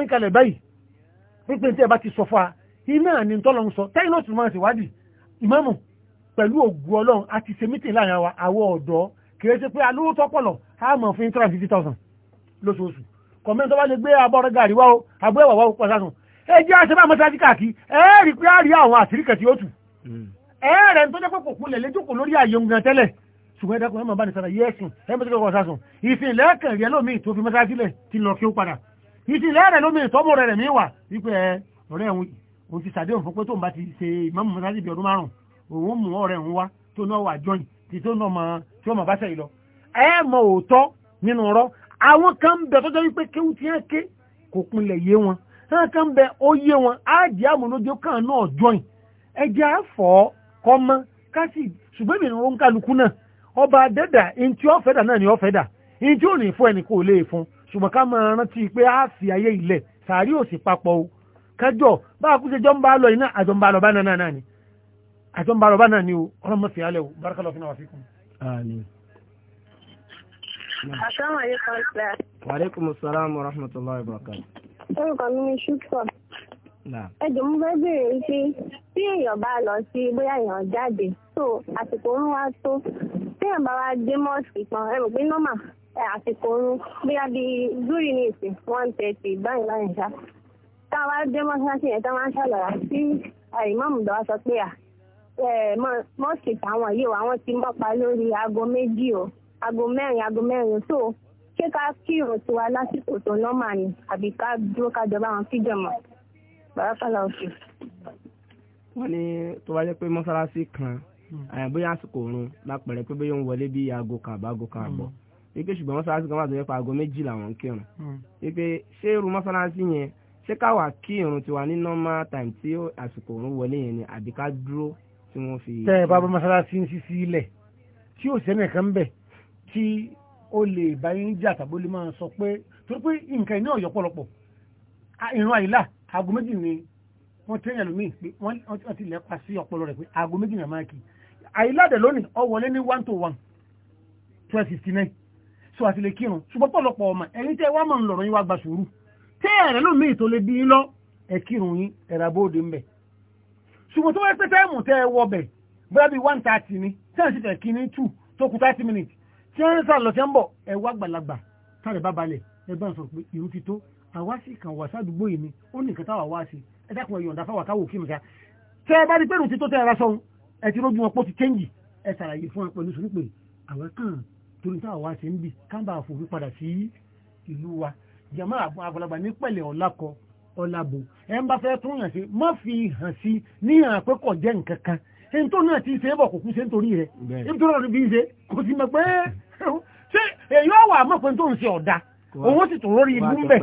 yín kalẹ̀ báyìí wípé tí ẹ bá ti sọ fún wa iná ni tọ́lọ ń sọ tẹ́yìn náà tún máa ṣèwádìí ìmáàmù pẹ̀lú ògùn ọlọ́run àti ṣe mítìn láàrin wa àwọn ọ̀dọ́ kìí ṣe pé alówó tọ́pọ̀lọ̀ á mọ̀ fún three hundred fifty thousand lóṣooṣù kọ̀mẹ́ntọ́ bá lè gbé abọ́rẹ́ gàrí wá o abọ́ ẹ̀wà wá o pọ̀sán ẹ jẹ́ àṣẹ bá mọ́sáájì káàkì ẹ rí pé á rí àwọn àṣírí kẹ̀tì ó tù hmm. ẹ rẹ̀ ń tó jẹ́ pé kò kúnlẹ̀ lẹ́jọ́kọ̀ lórí ààyè òun gan tẹ́lẹ̀ ṣùgbọ́n ẹ̀dá kan ẹ̀ máa bá ní sára yẹ́sìn ẹ̀ mọ́sáájì kọ̀ọ̀kan sásùn ìfìnlẹ̀ kẹ̀rẹ́ lómi tó fi mọ́sáájì ìtì lẹ́rẹ̀ lómi ìtọ́mọ̀ rẹ̀ mí wà wípé ẹ ọ̀rẹ́ ẹ̀hún òun ti sàdéhùn fún pé tóun bá ti ṣe ìmọ̀mù mọ́sáàdì bí ọdún márùn-ún òun mú ọ̀rẹ́ ẹ̀hún wá tó náà wà jọyìn tí tó náà mọ tí ó mọ̀ bá sẹ́yìn lọ. ẹ mọ òótọ́ nínú ọ̀rọ̀ àwọn kan ń bẹ tó jẹ́ wípé kéwù tí wọ́n ké kò pinlẹ̀ yé wọn àwọn kan ń bẹ ṣùgbọ́n ká máa rántí pé a fi ayé ilẹ̀ sàárì òsì papọ̀ o kájọ bá a kú ṣe jọ ń bá lọ iná àjọ ń bá lọ bá náà náà ni àjọ ń bá lọ bá náà ni o ọlọ́mọ fi alẹ́ o barakallahu fina wa fikum. asalaamualeykum sir. waaleykum salaam wa rahmatulahi wa barakatuh. orúkọ mi ni ṣùkọ́ ẹjọ mo fẹ́ béèrè pé tí èèyàn bá lọ sí bóyá èèyàn jáde tó àsìkò ń wá tó téèyàn bá wá dé mọ́ọ̀sì kan ẹ àsìkò oorun bóyá bíi zúrì ní ìsìn one thirty báyìí báyìí ṣá tá a wá dé mọ́ṣáláṣí yẹn tá a máa ń ṣàlàyé sí ìmáàmù lọ́wọ́ sọ pé à mọ́ọ̀sì táwọn yìí àwọn ti ń bọ́pa lórí aago méjì o aago mẹ́rin aago mẹ́rin tó ṣé ká kírun tiwa lásìkò tó nọ́mà ni àbí ká dúró kájọba àwọn kíjọmọ̀ bàrákàlà òkè. wọ́n ní tó bá jẹ́ pé mọ́ṣáláṣí kan hmm. àyàbóyá àsìkò oorun lápẹ̀rẹ̀ pé bóyá ń wọlé bí aago kan àbáago kan àbọ̀. Hmm wípé ṣùgbọ́n mọ́sálásí kan wà tó yẹ pa aago méjì làwọn ń kírun wípé hmm. ṣé irú mọ́sálásí yẹn ṣé káwa kí irun tiwa ní normal time tí àsìkò òun wọlé yẹn ni àbí ká dúró tí wọ́n fi. tẹ ẹ bá bá mọ́sálásí ń ṣíṣí ilẹ̀ tí ò sẹ́nìkan bẹ̀ tí ó lè bá yín jà tàbí ó lè máa sọ pé torí pé nǹkan iná ọ̀yọ́ pọ̀lọpọ̀ ìrún àyílà aago méjì ni wọ́n tẹ́yìn ẹlòmíì pé wọ́n ti lẹ́pa sí ọpọlọ rẹ̀ pé aago méjì náà máa kì í àyílà dẹ̀ lónìí ó wọlé ní one to one twelve sixty nine so àti lè kírun ṣùgbọ́n pọ̀lọpọ̀ ọmọ ẹ̀yin tẹ́ wá mọ̀ ń lọ̀rọ̀ yín wá gba sùúrù tẹ́ ẹ̀rẹ́ ló míì tó lè bí lọ ẹ̀ kírun yín ẹ̀rà bóde ń bẹ̀ ṣùgbọ́n tó wẹ́ pé tẹ́ẹ̀mù tẹ́ ẹ wọ bẹ̀ bóyá bíi one thirty ni tẹ́ẹ̀ sì tẹ̀ kí ní two tó kù thirty minutes tí wọ́n sá lọ tí ń bọ̀ ẹ wá gbàlagbà tàbí bá balẹ̀ ẹ bá ń sọ pé ìrú ti tó àwa sì kàn wá yìí ni ó ní nǹkan táwa wá sí ẹ dákun ẹ yọ̀ǹda fáwọn káwọ òfin nìkan tẹ ẹ bá rí pẹ́rù ti tó tẹ ẹ ra sọ́hun ẹ ti rójú wọn pọ́ ti kéńjì ẹ ṣàlàyé fún ẹ torí táwà wá sí ń bì kábà àfòrí padà sí ìlú wa jama àgbàlagbà ní pẹ̀lẹ́ ọ̀làkọ ọ̀làbò ẹ ń bá fẹ́ tún yàn sí má fi hàn sí ní hàn pé jẹ́ nǹkan kan ẹni tó náà ti ṣe é bọ̀ kò kú ṣe nítorí rẹ̀ nítorí ọ̀rọ̀ bí ṣe kò sì mọ̀ pé ṣé èyí ọ̀wà àmọ́ pé tó ń ṣe ọ̀dà owó sì tún lórí ibú mbẹ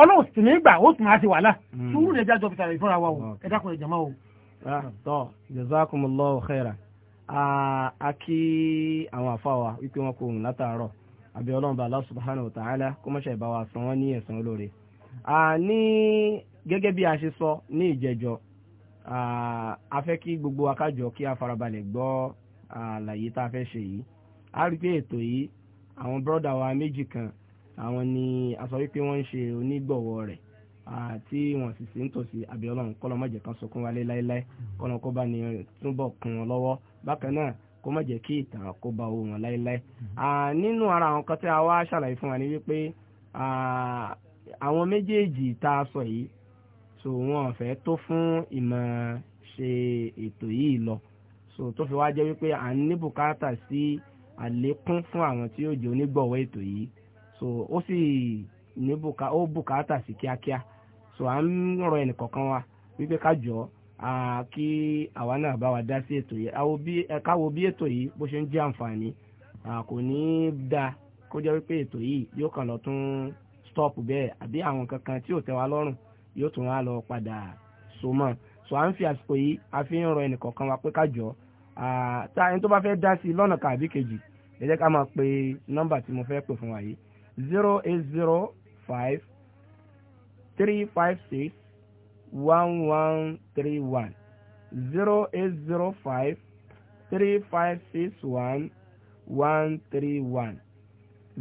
ọlọ́run sì ní ìgbà ó sì máa ṣe wàhálà hmm. sùúrù ní ẹjá jọ fi tààrà ìfúnra wa o ẹ dákun ẹ jama o. Ah, tọ́ jazakumullahu khaira a kí àwọn àfáwà wípé wọn kò rùn látàárọ̀ àbí ọlọ́run bá Allah subhanahu wa ta'ala kó mọ̀ṣẹ́ ìbá wa san wọ́n ní ẹ̀san olóore. ní gẹ́gẹ́ bí a ṣe sọ ní ìjẹjọ́ a fẹ́ kí gbogbo akájọ kí a farabalẹ̀ gbọ́ àlàyé tá a fẹ́ ṣe yìí a rí pé ètò yìí àwọn bọ́dà wa méjì kan àwọn ni a sọ wípé wọ́n ń ṣe onígbọ̀wọ́ rẹ̀ àti wọn sì sí nítòsí àbí ọlọ́run kọ́lọ́ má jẹ́ kan sọkún wálé láéláé kọ́lọ́ bá ní túbọ̀ kún wọn lọ́wọ́ bákan náà kó má jẹ́ kí ìtàn kó ba ohun wọn láéláé mhm. nínú ara àwọn kan tí a wá ṣàlàyé fún wa ni wípé àwọn méjèèjì tá a sọ yìí so wọn fẹ́ tó fún ìmọ̀ ṣe ètò yìí lọ so tó fi wá jẹ́ wípé à ń ní bùkátà sí àlékún fún àwọn tí yóò jẹ́ onígbọ̀wọ́ ètò yìí so ó sì ní bùkátà sí kíákíá so à ń rọ ẹnìkọ̀ọ̀kan wa wípé ká jọ kí àwa náà bá wa dá sí ètò yìí káwo bí ètò yìí bó ṣe ń jẹ́ àǹfààní kò ní í da kó jẹ́ wípé ètò yìí yóò kàn lọ tún stop bẹ́ẹ̀ àbí àwọn kankan tí ò tẹ́ wa lọ́rùn yóò tún wá lọ padà so mọ́ so à ń fi àsìkò yìí a fi ń rọ ẹnìkọ̀ọ̀kan wa pé ká jọ tá ẹni tó bá fẹ́ dá sí lọ́nà kan kejì ẹ jẹ́ ká máa pe nọ́mbà tí mo fẹ́ pè fún wa yìí zero eight zero five three five six one one three one zero eight zero five three five six one one three one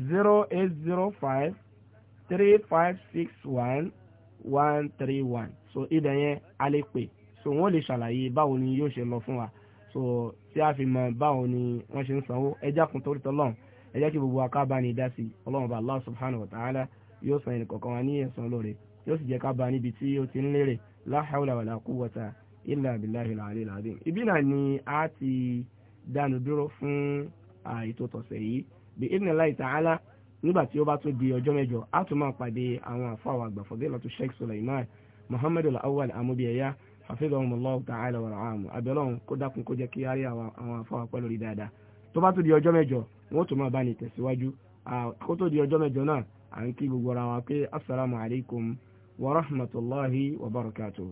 zero eight zero five three five six one one three one so ibẹ̀ yẹn a lè pè so wọ́n lè ṣàlàyé báwo ni yóò ṣe lọ fún wa so tí a fi mọ báwo ni wọ́n ṣe ń sanwó ẹjá kun torí tọ́lọ́run ẹjá kí gbogbo akábáni dá bá Allah subhanahu wa ta'ala yóò san ẹnì kọ̀ọ̀kan wa ní ẹ̀san lóore yóò sì jẹ́ ká bá níbi tí ó ti ń lérè la hawla wala quwwata illa billahi al-ali al-azim ibi náà ni a ti dánu dúró fún ètò tọ̀sẹ̀ yìí bí idhnillahi ta'ala nígbà tí ó bá tún di ọjọ́ mẹ́jọ a tún máa pàdé àwọn àfọwọ́ àgbà fadilatu sheikh suleiman muhammadu al-awwal amubiya hafizahumullahu ta'ala wa ra'amu abẹ́lọ́hún kó dákun kó jẹ́ kí á rí àwọn àfọwọ́ pẹ́ lórí dáadáa tó bá tún di ọjọ́ mẹ́jọ wọ́n tún máa bá ní tẹ̀síwájú kó di ọjọ́ mẹ́jọ náà à ń kí gbogbo ara wa pé assalamu alaikum ورحمة الله وبركاته